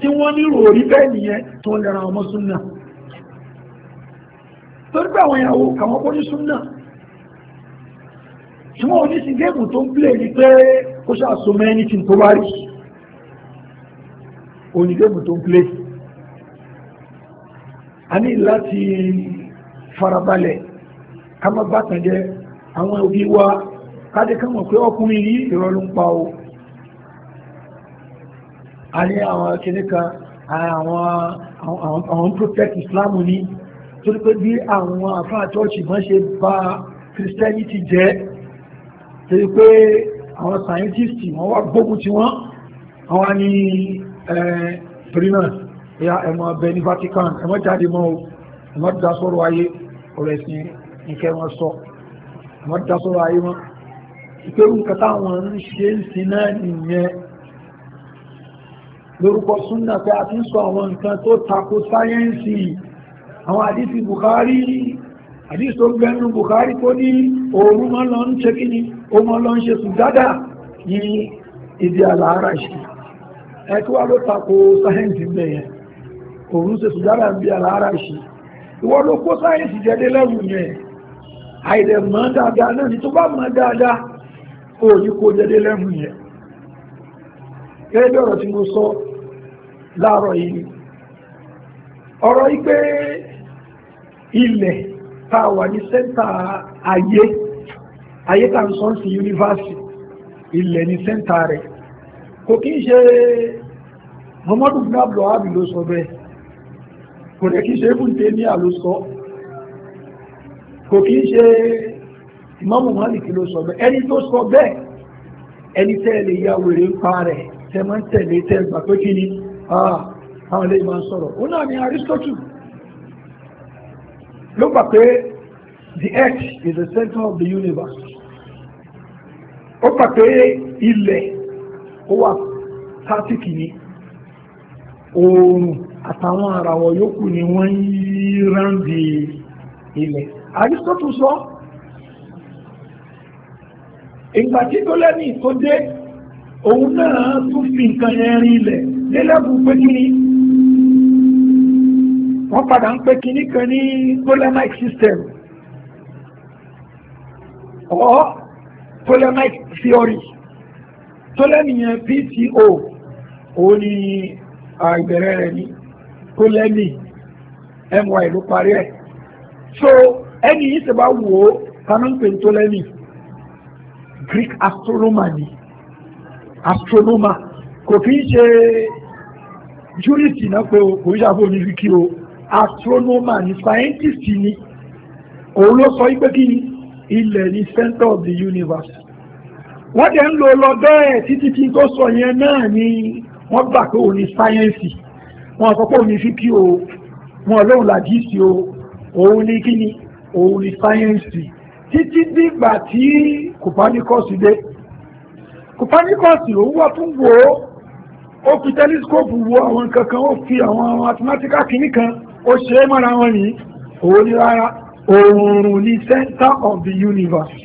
tí wọ́n ní ròrí bẹ́ẹ̀ nìyẹn tó ń lẹ́ra ọmọ súnà torí pé àwọn ìyàwó kàwọn kó ní súnà tí wọ́n ní sí géèmù tó ń plé ní pé ó ṣàṣọ mẹ́ni tí tó wá rí òní géèmù tó ń plé a ní láti farabalẹ̀ ká má bàtàn jẹ àwọn òbí wa ká ká mọ̀ pé ọkùnrin yìí ìrọ̀lú ń pa o a ní àwọn kìnnìkan àwọn protect Islam ní torí pé bí àwọn àfáà chọ́ọ̀chì mọ́ ṣe bá Christianity jẹ́ torí pé àwọn scientist wọ́n wá gbógun ti wọ́n àwọn ní torí náà ya ẹmọ ọbẹ̀ ní Vatican ẹmọ jáde mọ́ o ẹmọ dá sọ́rọ̀ ayé ọ̀rọ̀ ẹ̀sìn nìkẹ́ wọn sọ ẹmọ dá sọ́rọ̀ ayé wọn ìpérù nǹkan táwọn ń ṣe ń sin náà nìyẹn lórúkọ súnnà pé a ti ń sọ àwọn nǹkan tó tako sáyẹ́ǹsì àwọn àdífi Bukhari àdífi tó gbẹ́nu Bukhari tó ní òru mọ́ lọ ń ṣe kíni ó mọ́ lọ ń ṣe sùdádà ní ibi àlàárà ṣe ẹ̀kọ́ wa ló tako sáyẹ́ǹsì bẹ̀yẹn òru ṣe sùdádà ń bí àlàárà ṣe ìwọ́n ló kó sáyẹ́ǹsì jẹ́dé lẹ́rù yẹn àìdẹ̀ mọ́ dáadáa náà ni tó bá mọ́ dáadáa ó kó jẹ́dé lẹ́rù yẹn gẹ́gẹ́ bí ọ̀rọ̀ tí mo sọ láàárọ̀ yìí ọ̀rọ̀ yìí pé ilẹ̀ tá a wà ní sẹ́ńtà ayé ayé tá n sọ́n sí yunifásitì ilẹ̀ ní sẹ́ńtà rẹ̀ kò kí ń ṣe muhammadu bin abdullahi abi ló sọ bẹ́ẹ̀ kò dẹ̀ kí ń ṣe ibùdó ní àlùsọ kò kí ń ṣe ìmáàmù malik ló sọ bẹ́ẹ̀ ẹni tó sọ bẹ́ẹ̀ ẹni tẹ́lẹ̀ ya wèrè ń pa rẹ̀ tẹ́ máa ń tẹ̀lé tẹ́ gbà pé kí ni. Ah, àwọn ilé ìmọ̀ sọ̀rọ̀ ó náà ni Aristotle ló gbà the earth is the center of the universe ó gbà pé ilẹ̀ ó wà tátìkì ni oòrùn àtàwọn àràwọ̀ yòókù ni wọ́n ń ilẹ̀ Aristotle sọ ìgbà tí tó lẹ́ni tó òun náà tún fi nǹkan yẹn lẹ́lẹ́bù pé kí ni wọ́n padà ń pé kíní kan ní polemic system or polemic theory tó lẹ́nìyàn PTO òun ni ìbẹ̀rẹ̀ rẹ̀ ní polemi my ló parí ẹ̀ so ẹni yìí ti bá wò ó tánú ń pè ní tolemi Greek astronomer ni astronomer kò kí ń ṣe júrìsì náà pé kò ń ṣàfò ní fi o astronomer ni scientist ni òun ló sọ wípé kí ilẹ̀ ni center of the universe wọ́n dẹ̀ ń lò lọ bẹ́ẹ̀ títí tí tó sọ yẹn náà ni wọ́n gbà pé òun ni sáyẹ́ǹsì wọn sọ pé òun ni fíkì o wọn lóun làdíìsì o òun ni kí ni òun ni sáyẹ́ǹsì títí dìgbà tí Copernicus dé Copernicus ló wà tún wò ó fi tẹlifíṣkópù wo àwọn kankan ó fi àwọn mathematical kìíní kan ó ṣe é mọ́ra wọn ní òun rárá oòrùn ní center of the universe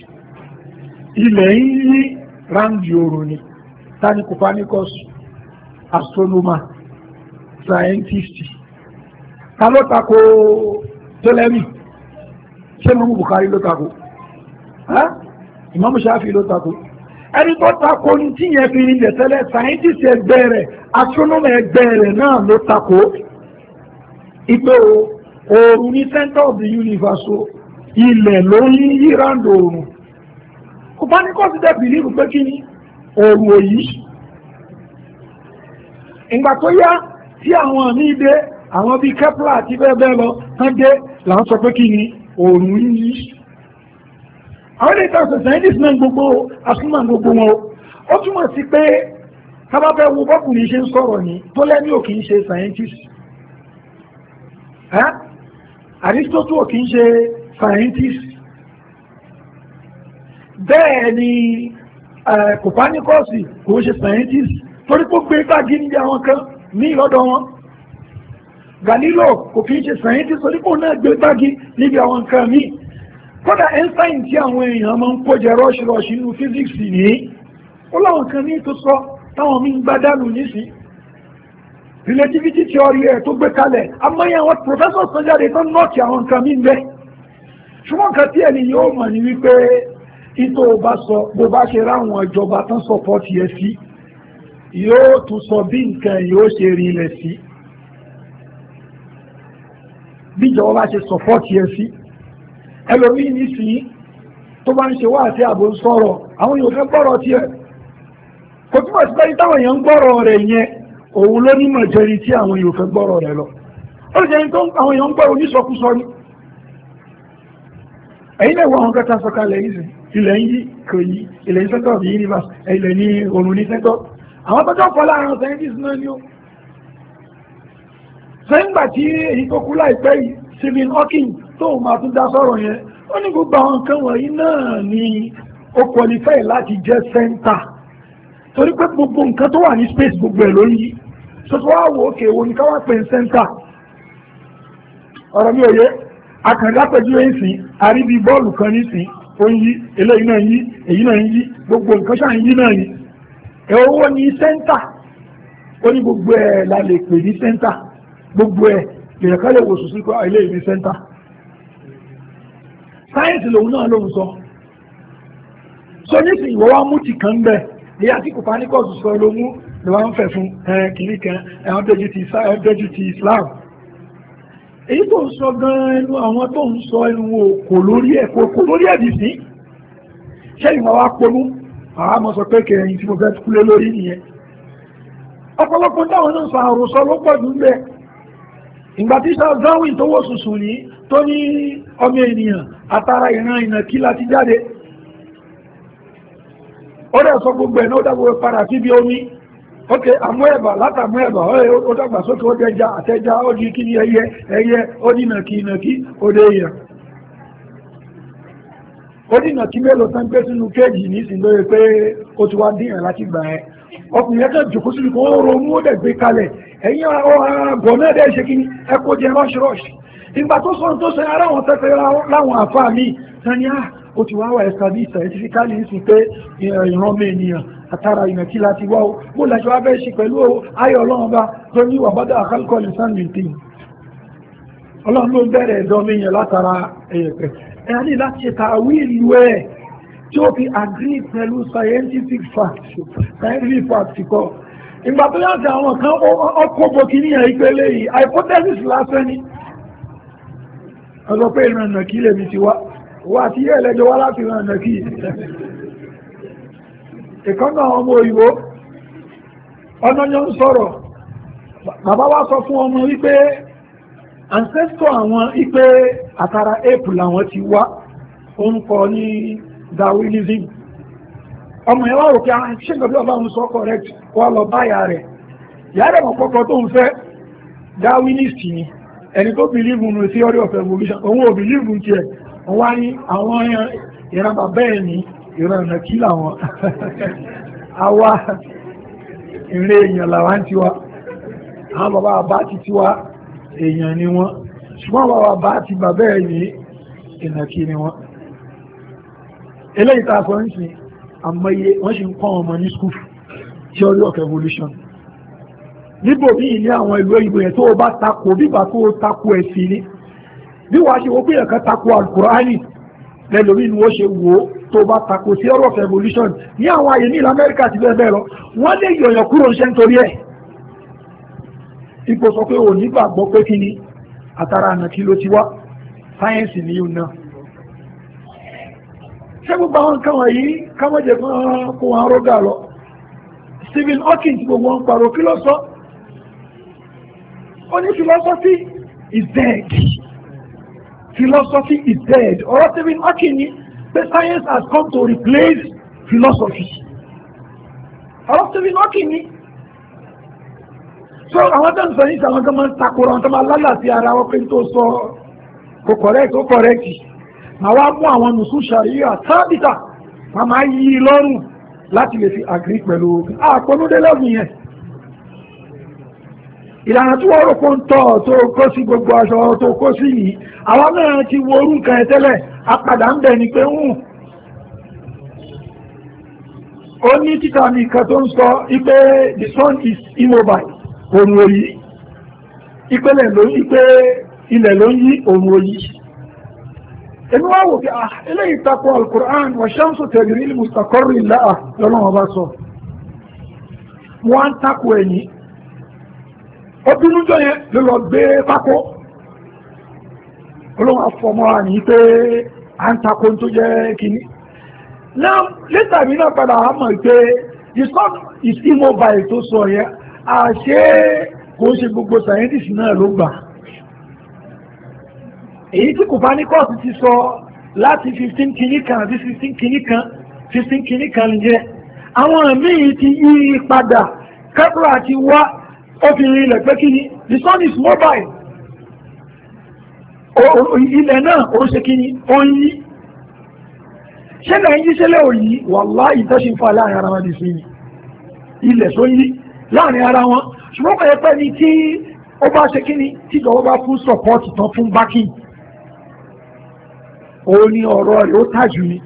ilẹ̀ ń yí ráńdì oòrùn ni tani Copernicus astronomer scientist ta ló tako tẹlẹmì ṣé mọ́mú Bukhari ló tako Imam Shafi ló tako ẹni tó tako ní tí yẹn fi rinlẹ̀ tẹ́lẹ̀ scientist ẹgbẹ́ rẹ̀ astronomy ẹgbẹ́ rẹ̀ náà ló tako ipe oòrùn ní center of the universe o ilẹ̀ ló ń yí round oòrùn kò bá ní consider believe pé kí ni oòrùn òyì ìgbà tó yá tí àwọn àmì ìdè àwọn bíi Kepler àti bẹ́ẹ̀ bẹ́ẹ̀ lọ tán dé là ń sọ pé kí ni oòrùn yí àwọn ilé ìtàkùn scientist náà gbogbo asúnmọ̀ gbogbo wọn ó túmọ̀ sí pé tábàbẹ̀ wo bọ́kùnrin ṣe ń sọ̀rọ̀ ní tó lẹ́ni ò kì í ṣe scientist Aristotle ò kì í ṣe scientist bẹ́ẹ̀ ni Copernicus kò ṣe scientist torí pé ó gbé gbági níbi àwọn kan ní ìlọ́dọ̀ wọn Galileo kò kì ṣe scientist torí pé òun náà gbé gbági níbi àwọn kan míì kódà einstein tí àwọn èèyàn máa ń kójẹ rọ́ọ̀ṣì rọ́ọ̀ṣì nínú physics ní ó láwọn kan ní tó sọ táwọn mí ń gbá dànù nísìn relativity theory ẹ̀ tó gbé kalẹ̀ amáyé professor sọ jáde tó nọ́ọ̀kì àwọn nǹkan mí ń bẹ́ ṣùgbọ́n nǹkan tí ẹni yóò mọ̀ ní wípé ìtò ò bá sọ bó bá ṣe ráwọn ìjọba tán support yẹ sí yóò tún sọ bí nǹkan yóò ṣe rí ilẹ̀ sí bí ìjọba ṣe support yẹ sí ẹlòmíì nísìnyí tó bá ń ṣe wá àti àbò sọ̀rọ̀ àwọn yóò fẹ́ gbọ́rọ̀ tiẹ̀ kò túmọ̀ sí pé táwọn èèyàn ń gbọ́rọ̀ rẹ̀ yẹn òun ló ní mọ̀jẹ́rì tí àwọn yóò fẹ́ gbọ́rọ̀ rẹ̀ lọ ó lè jẹ́ tó àwọn èèyàn gbọ́rọ̀ oníṣọkúsọ ni ẹ̀yin lè wọ àwọn kẹta sọ̀kalẹ̀ yìí ilẹ̀ yìí kò yí ilẹ̀ ní sẹ́tọ̀ ní universe ilẹ̀ ní òrùn ní sẹ́tọ̀ àwọn tọ́jọ́ fọlá àwọn scientist náà ni ó sẹ́yìn gbà tí èyí tó kú láìpẹ́ yìí Stephen Hawking tó máa tún dá sọ́rọ̀ yẹn ó ní gbogbo àwọn nǹkan wọ̀nyí náà ni ó qualify láti jẹ́ center torí pé gbogbo nǹkan tó wà ní space gbogbo ẹ̀ lórí tuntun wá wò ókè wo ni ká ní center mi ò yé pẹ̀lú àríbi kan ó ń yí eléyìí náà ń yí èyí náà ń yí gbogbo nǹkan ni ẹ̀ owó ní la lè pè ní center gbogbo ẹ̀ sáyẹ́ǹsì lòun náà ló ń sọ so nísìnyí wọ́n wá mú ti kàn bẹ́ẹ̀ ní àsìkò panikọ́s sọ ló mú ló wá ń fẹ̀ fún kìnní kan ẹ̀wọ̀n dẹ́jú ti Islam èyí tó ń sọ gan-an ẹnu àwọn tó ń sọ ẹnu wo kò lórí ẹ̀ kò lórí ẹ̀ bìsí sẹ́yìn wọn wá ponú àwọn àmọ́ sọ pé kẹrin tí mo fẹ́ kúlé lórí nìyẹn ọ̀pọ̀lọpọ̀ táwọn náà sọ àròsọ ló pọ̀ jù bẹ́ẹ̀ ìgbà tí sáà zawin tó wọ́ sùsù ní tó ní ọmọ ènìyàn àtàrà ìran ìnàkí láti jáde ó dẹ̀ sọ gbogbo ẹ̀ náà ó dàgbò padà síbi omi ok àmú ẹ̀bà látàmú ẹ̀bà ó dàgbà sókè ó dẹja àtẹja ó di kíni ẹyẹ ẹyẹ ó di ìnàkí ìnàkí ó dé yẹ ó di ìnàkí mélòó tán gbé sínú kéèjì nísìnyí lóye pé ó ti wá dín ẹ̀ láti gbà ẹ́ ọkùnrin ẹ̀kẹ́ jòkó sínú kó ronú ó dẹ̀ gbé kalẹ̀ ẹ̀yìn ọ̀rọ̀ náà dẹ̀ ṣe kíni ẹ kó jẹ rọ́ṣirọ́ṣì ìgbà tó sọ tó ṣe ara wọn tẹ́tẹ́ láwọn àfáà mi tán ni ah, ó ti wá wà ẹ̀sà bí scientifically ń sì pé ìran mi ènìyàn àtàrà ìnà kí láti wá o bó làjọ abẹ́ ṣe pẹ̀lú ayọ̀ ọlọ́run bá tó ní wà bá dá àkálùkọ́ lè sáà nìtì ọlọ́run ló bẹ̀rẹ̀ ẹ̀dọ́ mi látara ẹ̀yẹ̀pẹ̀ ẹ̀ á ní láti ṣe tàwíìlú ẹ̀ tí ó fi agree pẹ̀lú scientific facts scientific facts kọ́. ìgbà tó yàtọ̀ àwọn kan ọkọ̀ bòkì ní ìpele yìí hypothesis lásán ni ọ̀sọ̀ pé ìran ìnàkí lè mi ti wá wà tí yẹ́ ẹlẹ́jọ wá láti ìran ìnàkí ìkọ́nà ọmọ òyìnbó ọ̀nàyọ ń sọ̀rọ̀ bàbá wa sọ fún ọmọ wípé ancestor àwọn wípé àtàrà ape làwọn ti wá ó kọ ní Darwinism ọmọ yẹn wá rò ah, ọba òun sọ correct wá lọ báyà rẹ̀ yàrá ìmọ̀ tó ń fẹ́ Darwinist ni ẹni tó bìlíìfù nù sí ọ̀rẹ́ ọ̀fẹ́ evolution òun ò bìlíìfù tiẹ̀ wọ́n wá ní àwọn ìran bàbá ẹ̀ ní ìran ọ̀nà kí làwọn àwa ìrìn èèyàn làwọn ti wá àwọn bàbá bàbá ti ti wá èèyàn ni wọ́n ṣùgbọ́n bàbá bàbá ti bàbá ẹ̀ ní ìnàkí ni wọ́n eléyìí tá a sọ ń sìn àmọye wọ́n sì ń kọ́ ọmọ ní skúfù theory of evolution níbo bí ilé àwọn ìlú ìbò yẹn tó o bá takò bígbà tó o takò ẹ̀sìn ni bí wàá ṣe wọ́n pé ẹ̀ka takò alukurani lẹ́lòmí ni wọ́n ṣe wò ó tó o bá takò sí ọ̀rọ̀ revolution ní àwọn àyè ní ilẹ̀ amẹ́ríkà ti bẹ́ẹ̀ bẹ́ẹ̀ lọ wọ́n lè yọ̀yàn kúrò ń ṣe nítorí ẹ̀ ipò sọ pé o nígbàgbọ́ pé kí ni àtàrà àná kí ló ti wá sáyẹ́ǹsì ni yóò ná ṣé gbogbo àwọn nǹkan wọ̀nyí káwọn jẹ̀ fún wọn kó wọn rọ́gà lọ Stephen Hawking gbogbo wọn pàrọ̀ kí ló sọ Only philosophy is dead philosophy is dead ọ̀rọ̀ tẹ́bí ọ́kì ni pé science has come to replace philosophy ọ̀rọ̀ tẹ́bí ọ́kì ni so àwọn tó ń sọ yìí sàwọn tó máa ń takora àwọn tó máa lálàsí ara wọn pé tó sọ kò correct ó correct màá wá mú àwọn nùsùn ṣàríyà tábìtà màá máa yí i lọ́rùn láti lè fi agree pẹ̀lú àpọ̀núdé yẹn. ìlànà tí wọ́n rò kó ń tọ́ tó kó sí gbogbo aṣọ tó kó sí yìí àwọn náà ti wo orú nǹkan ẹ tẹ́lẹ̀ apàdà ń bẹ̀ ni pé ń ó ní títà mi tó ń sọ ipe the sun is immobile òun òyì ìpele ló ń pé ilẹ̀ ló ń yí òun òyì wá wò pé ah, eléyìí takò alukur'an wà tẹ̀lé ní ọdúnújọ yẹn ló lọ gbé pákó olóhùn afọmọra ní pé à ń takò tó jẹ́ kínní náà lẹ́tà mi náà padà á mọ̀ pé ìsímọ̀bàì tó sọ yẹn àṣé kò ń ṣe gbogbo sàyẹ́ntìsì náà ló gbà èyí tí Copernicus ti sọ láti fifteen kìíní kan àti fifteen kìíní kan fifteen kìíní kan nìyẹn àwọn míì ti yí padà kẹ́kọ̀ọ́ àti wá ó fi rin ilẹ̀ pé kí ni the sun is mobile ilẹ̀ náà ó ṣe kí ni ó ń yí ṣẹlẹ̀ ń yí ṣẹlẹ̀ ò yí wàlá ìtọ́sí ń fa láàrin ara wọn di sí ni ilẹ̀ tó yí láàrin ara wọn ṣùgbọ́n kò yẹ pé ni tí ó bá ṣe kí ni tí ìjọba bá fún support tán fún backing òun ni ọ̀rọ̀ rẹ̀ ó tàjù ni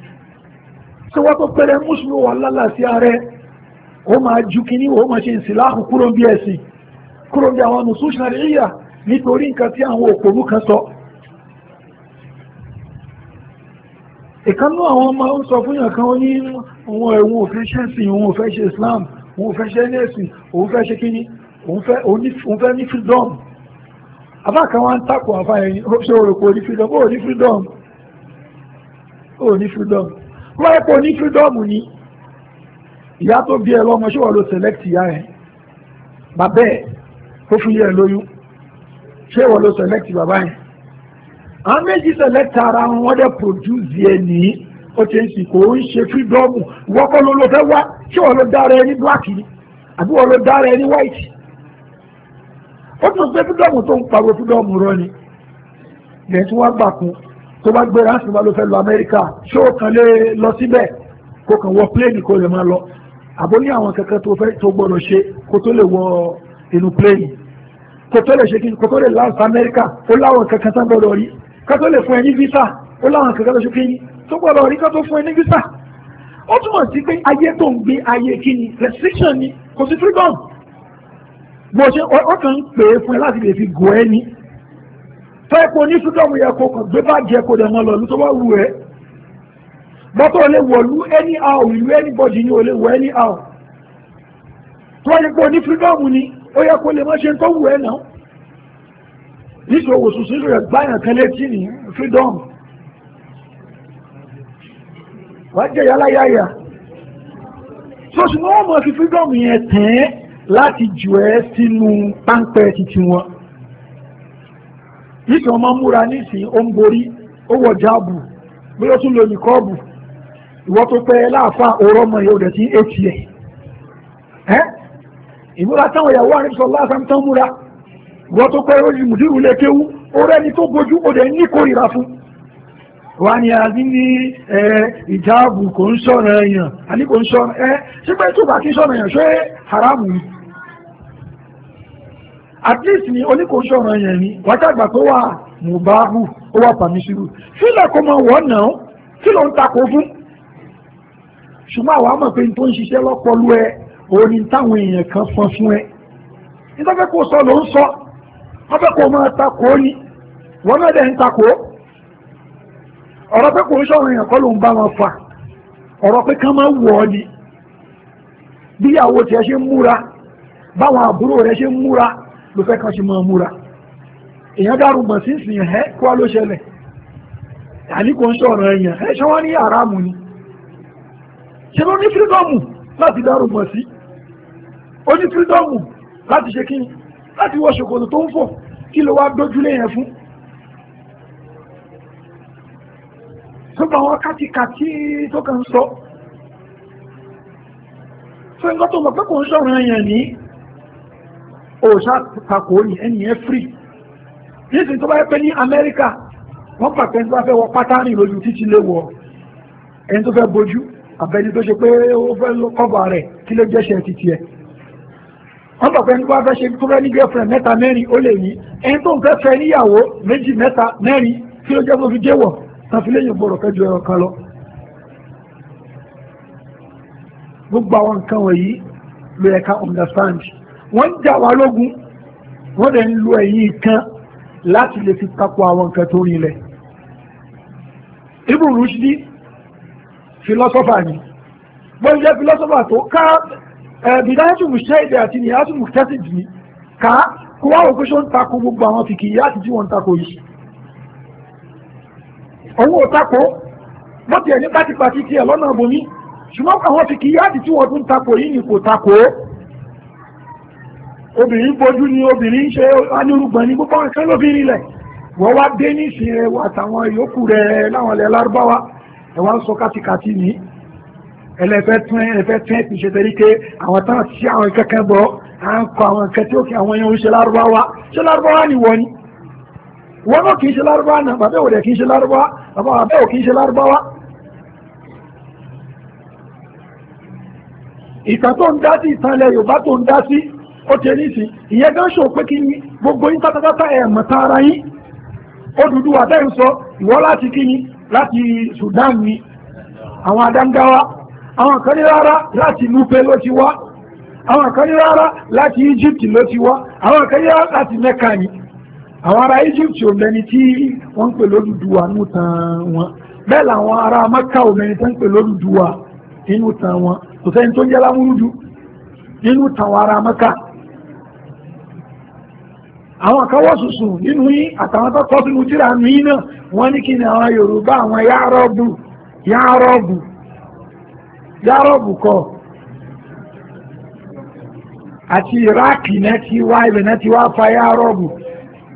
tí wọ́n tó pẹ́rẹ́ mùsùlùmí wà lálàsí ààrẹ ó máa ju kíní ó máa ṣe ìsìláàkù kúrò bí ẹ̀sìn kúrò bí àwọn nùsùn ṣàríyà nítorí nǹkan tí àwọn òpòrú kan sọ ìkanú àwọn ọmọ ń sọ fún yàn kan ó ní òun ẹ̀wọ̀n òfin ṣẹ́sìn òun òfẹ́ ṣe Islam òun fẹ́ ṣe nẹ́ẹ̀sìn òun fẹ́ ṣe kíní òun fẹ́ ní freedom abákan wá ń takò àfáyẹ̀yìn ó ṣe òrò kò ní freedom ó ní freedom ó ní freedom wọ́n ẹ̀pọ̀ ní freedom ni ìyá tó bí ẹ lọ́mọ ṣé wọ́n lo select ìyá ẹ̀ bàbẹ́ ẹ̀ ó fi yẹ lóyún ṣé ìwọ ló select bàbá yẹn àwọn méjì select ara wọn wọ́n dẹ̀ produce yẹn nìyí ó ti ń sì kò ń ṣe fídọ́ọ̀mù wọ́kọ́ ló ló fẹ́ wá ṣé ìwọ ló dára ẹni black ni àbí ìwọ ló dára ẹni white ó tún pé fídọ́ọ̀mù tó ń pariwo fídọ́ọ̀mù rọ ni lẹ́yìn tí wọ́n gbà kún tó bá gbéra ń sì máa ló fẹ́ lọ Amẹ́ríkà ṣé ó kàn lè lọ síbẹ̀ kó kàn wọ pléènì kó lè máa lọ àbó ní àwọn kankan tó fẹ́ tó gbọ́dọ̀ ṣe kó tó lè wọ inú pléyìn kò tó lè ṣe kí kò tó lè láǹsì amẹ́ríkà ó láwọn kankan tán gbọ́dọ̀ rí kó tó lè fún ẹ ní visa ó láwọn kankan tó ṣe kí tó gbọ́dọ̀ rí kó tó fún ẹ ní visa ó túmọ̀ sí pé ayé tó ń gbé ayé kí ni restriction ni kò sí freedom bó ṣe ọkàn ń pè é fún ẹ láti lè fi gò ẹ ní fẹ́ kó ní freedom yẹ kó kàn gbé bàjẹ́ kó dẹ̀ mọ́ lọ lù tó bá wù ẹ́ bọ́tọ̀ lè wọ̀lú anyhow ìlú anybody ni ò lè wọ̀ anyhow tó wáyé pé o ní freedom ni ó yá kó lè má ṣe tó wù ẹ́ náà nítorí owó rẹ̀ gbáyàn kan létí ní freedom wàá jẹ́ yálàyàyà sọ́sùn ọmọ fi freedom yẹn tẹ́ láti jù ẹ́ sínú páńpẹ́ titi wọn nítorí ọmọ múra nísìnyí ó ń borí ó wọ jáàbù bí ó tún lo nìkọ́ọ̀bù ìwọ́n tó pẹ́ ìmúra táwọn ìyàwó àrísọ lásán tán múra wọ́n tó pẹ́ rọ́jì mùdírù lè kéwú ó rẹ́ni tó gojú ó dẹ̀ ní kórìíra fún wà ní àbí ní ìjáàbù kò ń sọ̀rọ̀ èèyàn àní kò ń sọ̀rọ̀ ẹ sípẹ́ tó bá kí sọ̀rọ̀ èèyàn ṣé haramu ni at least ni oní kò ń sọ̀rọ̀ èèyàn ni wájàgbà tó wà mùbáhù ó wà pàmísírù sílẹ̀ kó mọ wọ́n náà kí ló ń takò fún ṣùgbọ́n àwa mọ̀ pé n tó ń ṣiṣẹ́ lọ́pọ̀lú ẹ òun ni táwọn èèyàn kan fọn fún ẹ nítorí kò sọ ló ń sọ wọ́n fẹ́ kó máa takò ni wọ́n náà dẹ̀ ń takò ọ̀rọ̀ pé kò ń sọ̀rọ̀ èèyàn kọ́ ló ń bá wọn fà ọ̀rọ̀ pé kán máa wọ̀ ọ́ ni bíyàwó tiẹ̀ ṣe ń múra báwọn àbúrò rẹ̀ ṣe ń múra ló fẹ́ kàn ṣe máa múra èèyàn dárú mọ̀ sí ìsìn ẹ̀ kó wá ló ṣẹlẹ̀ àní kò ń sọ̀rọ̀ èèyàn ẹ̀ ṣe wọ́n ní àràmù ni ṣe ló ní fírídọ́ọ̀mù láti dárú mọ̀ sí ó ní fírídọ́mù láti ṣe kíni láti wọ ṣòkòtò tó ń fò kí ló wá dójúlé yẹn fún sọ́gbà wọn kátikàtí tó kàn sọ fún ẹgbẹ́ tó mọ̀ pé kò ń sọ̀rọ̀ yẹn ní òòṣà takò ní ẹni yẹn free nísìnyí tó bá yẹ pé ní Amẹ́ríkà wọ́n pàpẹ́ tó bá fẹ́ wọ pátánì lójú títí lè wọ ẹni tó fẹ́ bojú àbẹ́ni tó ṣe pé ó fẹ́ kọ́bà rẹ̀ kí ló jẹ́ṣẹ́ títí ẹ̀ wọ́n gbàgbé ẹni wá fẹ́ ṣe tó fẹ́ ní girlfriend mẹ́ta mẹ́rin ó lè ní ẹni tó ń fẹ́ fẹ́ níyàwó méjì mẹ́ta mẹ́rin tí ó jẹ́ fún fi déwọ̀ tàfilẹ́yìn gbọ́dọ̀ fẹ́ ju ẹran kan lọ. gbogbo àwọn nǹkan wọ̀nyí ló yẹ ká understand wọ́n jà wá lógun wọ́n dẹ̀ ń lo ẹ̀yìn kan láti lè fi takò àwọn nǹkan tó rinlẹ̀. Ibn Rushdi philosopher ni bó jẹ́ philosopher tó ká bìdáyàtù mùsẹ́ẹ̀dì àti nìyàtù mùsẹ́ẹ̀dì ni ká kó wá òkú ṣó ń takò gbogbo àwọn fìkì ìyá àti tí wọ́n ń takò yìí owó takò bó tiẹ̀ ní pátipàti tiẹ̀ lọ́nà bomi ṣùgbọ́n àwọn fìkì ìyá àti tí wọ́n tún takò yìí ni kò takò obìnrin bojú ni obìnrin ṣe anírúgbọ̀n ní gbogbo nǹkan lóbìnrin lẹ̀ wọ́n wá dé nísìnyẹn wà táwọn yòókù rẹ̀ láwọn ilẹ̀ lárúbáwá ẹ̀ wá ń sọ kátikàti nìyí ẹlẹ́fẹ́ tún ẹlẹ́fẹ́ tún ẹ̀pì ṣe tẹ́rí pé àwọn táwọn ti ṣe àwọn kankan bọ̀ à ń kọ àwọn nǹkan tí àwọn èèyàn ń ṣe lárúbáwá ṣe lárúbáwá ni wọ́n ni wọ́n náà kì í ṣe lárúbáwá náà bàbá òde kì í ṣe lárúbáwá bàbá bàbá ò kì í ṣe lárúbáwá. ìtàn tó ń dá sí ìtàn ilẹ̀ Yorùbá tó ń dá sí ó ti ní sí ìyẹn gan ṣò pé kí ni gbogbo yín pátápátá ẹ̀ mọ̀ tán ara yín ó dúdú àtẹ́yìn sọ ìwọ láti kí ni láti Sudan ni àwọn adangawa àwọn kan ní rárá láti lúpẹ́ ló ti wá àwọn kan ní rárá láti Egypt ló ti wá àwọn kan ní rárá láti Mẹ́kà ni àwọn ará Egypt ò mẹni tí wọ́n ń pè lódùdúwà nù tán wọn bẹ́ẹ̀ làwọn ará Mẹ́kà ò mẹni tó ń pè lódùdúwà nínú tán wọn kò sẹ́ni tó ń jẹ́ lámúrúdú nínú tán wọn ará Mẹ́kà àwọn kan wọ́n sùsùn nínú yín àtàwọn tó kọ́ sínú tíra nù yín náà wọ́n ní kí ni àwọn Yorùbá àwọn yàrá ọ̀bù yàrá ọ̀bù yárọ̀bù kọ́ àti iraki náà ti wá ibẹ̀ náà ti wá fa yárọ̀bù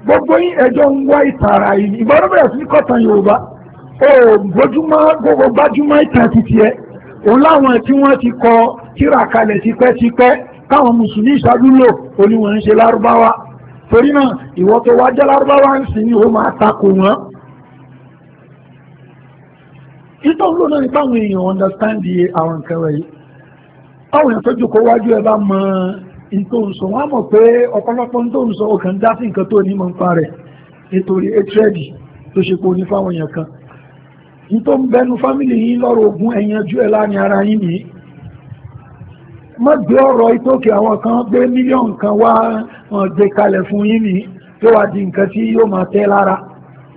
gbogbo yín ẹjọ́ ń wá ìtara yìí ìbọn bẹ̀rẹ̀ sí kọ̀tàn yorùbá ó gbójúmọ́ gbogbo gbájúmọ́ ìtàn títí ẹ òun láwọn tí wọ́n ti kọ tírà kalẹ̀ tipẹ́tipẹ́ káwọn mùsùlùmí ìṣáájú lò ó ń ṣe lárúbáwá torí náà ìwọ tó wá jẹ́ lárúbáwá ń sìn ní ó máa takò wọ́n ìtọ́ ń lò náà nípa àwọn èèyàn understand àwọn nǹkan rẹ̀ yìí àwọn èèyàn tó jókòó wájú ẹ bá mọ ìtò ń sọ wọn á mọ̀ pé ọ̀pọ̀lọpọ̀ ń tó ń sọ ọkàn dá sí nǹkan tó ní mọ̀ nípa rẹ̀ nítorí etrẹ́dì tó ṣe kó ní fáwọn èèyàn kan ìtò ń bẹnu fámìlì yín lọ́rọ̀ ogun ẹ̀yànjú ẹ̀ láàrin ara yín nìyí má gbé ọ̀rọ̀ ìtókè àwọn kan gbé mílíọ̀nù kan wá gbé kalẹ̀ fún yín nìyí tó wá di nǹkan tí yóò máa tẹ́ lára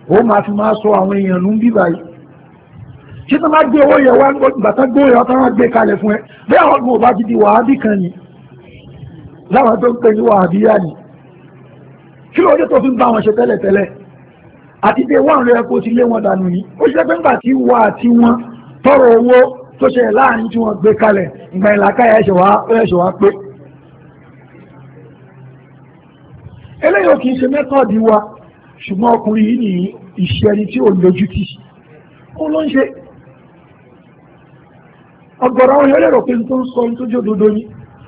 ó máa fi máa sọ àwọn èèyàn nù bíbáyìí ṣé tó bá gbé owó yẹn wá nígbà tó gbé yẹn tó wá gbé kalẹ̀ fún ẹ bí àwọn ọgbọ̀n bá ti di wàhábì kan ni láwọn tó ń pè ní wàhábì yá ni kí ló dé tó fi ń bá wọn ṣe tẹ́lẹ̀tẹ́lẹ̀ àti pé wọ́n rẹ̀ kó ti lé wọn dànù ni ó ṣe pé ńgbà tí wà àti wọn tọrọ owó tó ṣe láàrin tí wọ́n gbé kalẹ̀ ìgbà ìlàkàyà ẹ̀ṣẹ̀ wá pé eléyìí kì í ṣe mẹ́tọ́ọ̀dì wa ṣùgbọ́n ọkùnrin yìí ní ìṣẹ́ni tí ò lójútì ó ló ń ṣe ọ̀gọ̀rọ̀ àwọn yọlẹrọ pé tó ń sọ tó jẹ òdodo ni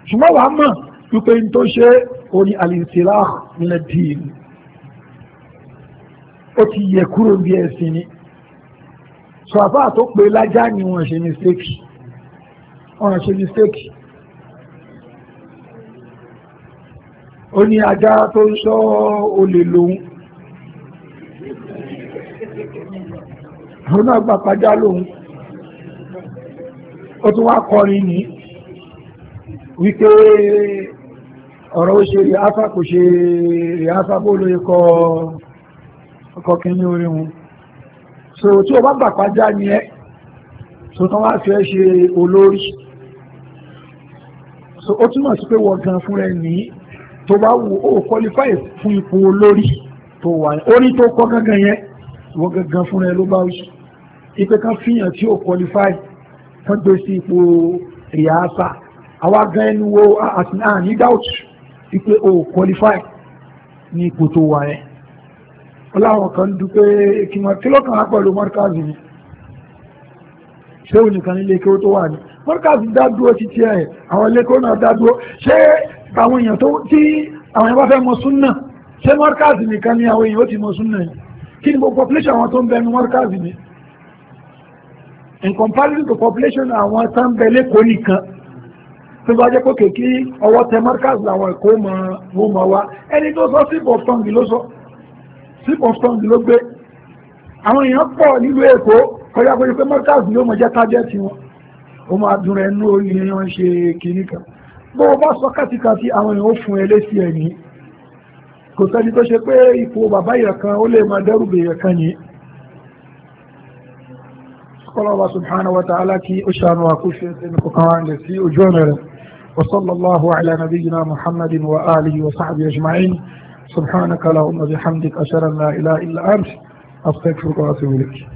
ṣùgbọ́n wàá mọ̀ wípé n tó ṣe ó ní alìsílá nílẹ̀ dín ó ti yẹ kúrò bí ẹ̀sìn ni sọ àbá tó pé lájá ni wọ́n ṣe mistake wọ́n ṣe mistake ó ní ajá tó ń sọ olè lòun àwọn náà gbà pàjá lòun ó tún wá kọrin ní wípé ọ̀rọ̀ ó ṣe rìhásà kò ṣe rìhásà bó ló kọ ọkọ̀ kìíní orí wọn so tí o bá gbàpájá ni ẹ́ so tán wá fẹ́ ṣe olórí so ó túnmọ̀ sí pé wọ́n gan fún rẹ ní tó bá wù ó qualify fún ipò olórí tó wà ní orí tó kọ́ gangan yẹn wọ́n gangan fún rẹ ló bá wù ipe kan fihàn tí ó qualify kan gbé sí ipò rìásà àwa gan ẹnu wo àtìláà ní doubt wípé o qualify ní ipò tó wà yẹn ọláwọn kan dúpẹ́ kí wọ́n kí lọ́kàn pẹ̀lú mọ́ríkàzì ni ṣé òun nìkan nílé kí ó tó wà ní mọ́ríkàzì dádúró títí ẹ̀ àwọn ilé kó náà dádúró ṣé àwọn èèyàn tó tí àwọn èèyàn bá fẹ́ mọ súnà ṣé mọ́ríkàzì nìkan ni àwọn èèyàn ó ti mọ súnà yìí kí ni gbogbo population àwọn tó ń bẹnu mọ́ríkàzì ni in comparison to population àwọn tó ń bẹ lẹ́kọ̀ọ́ nìkan tó bá jẹ́ pé kí ọwọ́ tẹ markaz làwọn ẹ̀kọ́ mọ̀ mọ̀ wá ẹni tó sọ sip of tongue ló sọ sip of tongue ló gbé àwọn èèyàn pọ̀ nílùú èkó kọjá pé pé markaz ló mọ̀ jẹ́ tájẹ́tì wọn ó máa dùn rẹ̀ nú orí ni wọ́n ṣe kìíní kan bó o bá sọ kàtìkàtì àwọn èèyàn ó fún ẹ lẹ́sìn ẹ̀yìn kò sẹ́ni tó ṣe pé ipò bàbá ìyẹ̀kan ó lè máa dẹ́rù bèèyàn kan yìí قال الله سبحانه وتعالى كي أشان ṣàánú àkóṣe ẹni kọ̀kan وصلى الله على نبينا محمد وآله وصحبه أجمعين سبحانك اللهم بحمدك أشهد أن لا إله إلا أنت أستغفرك وأتوب إليك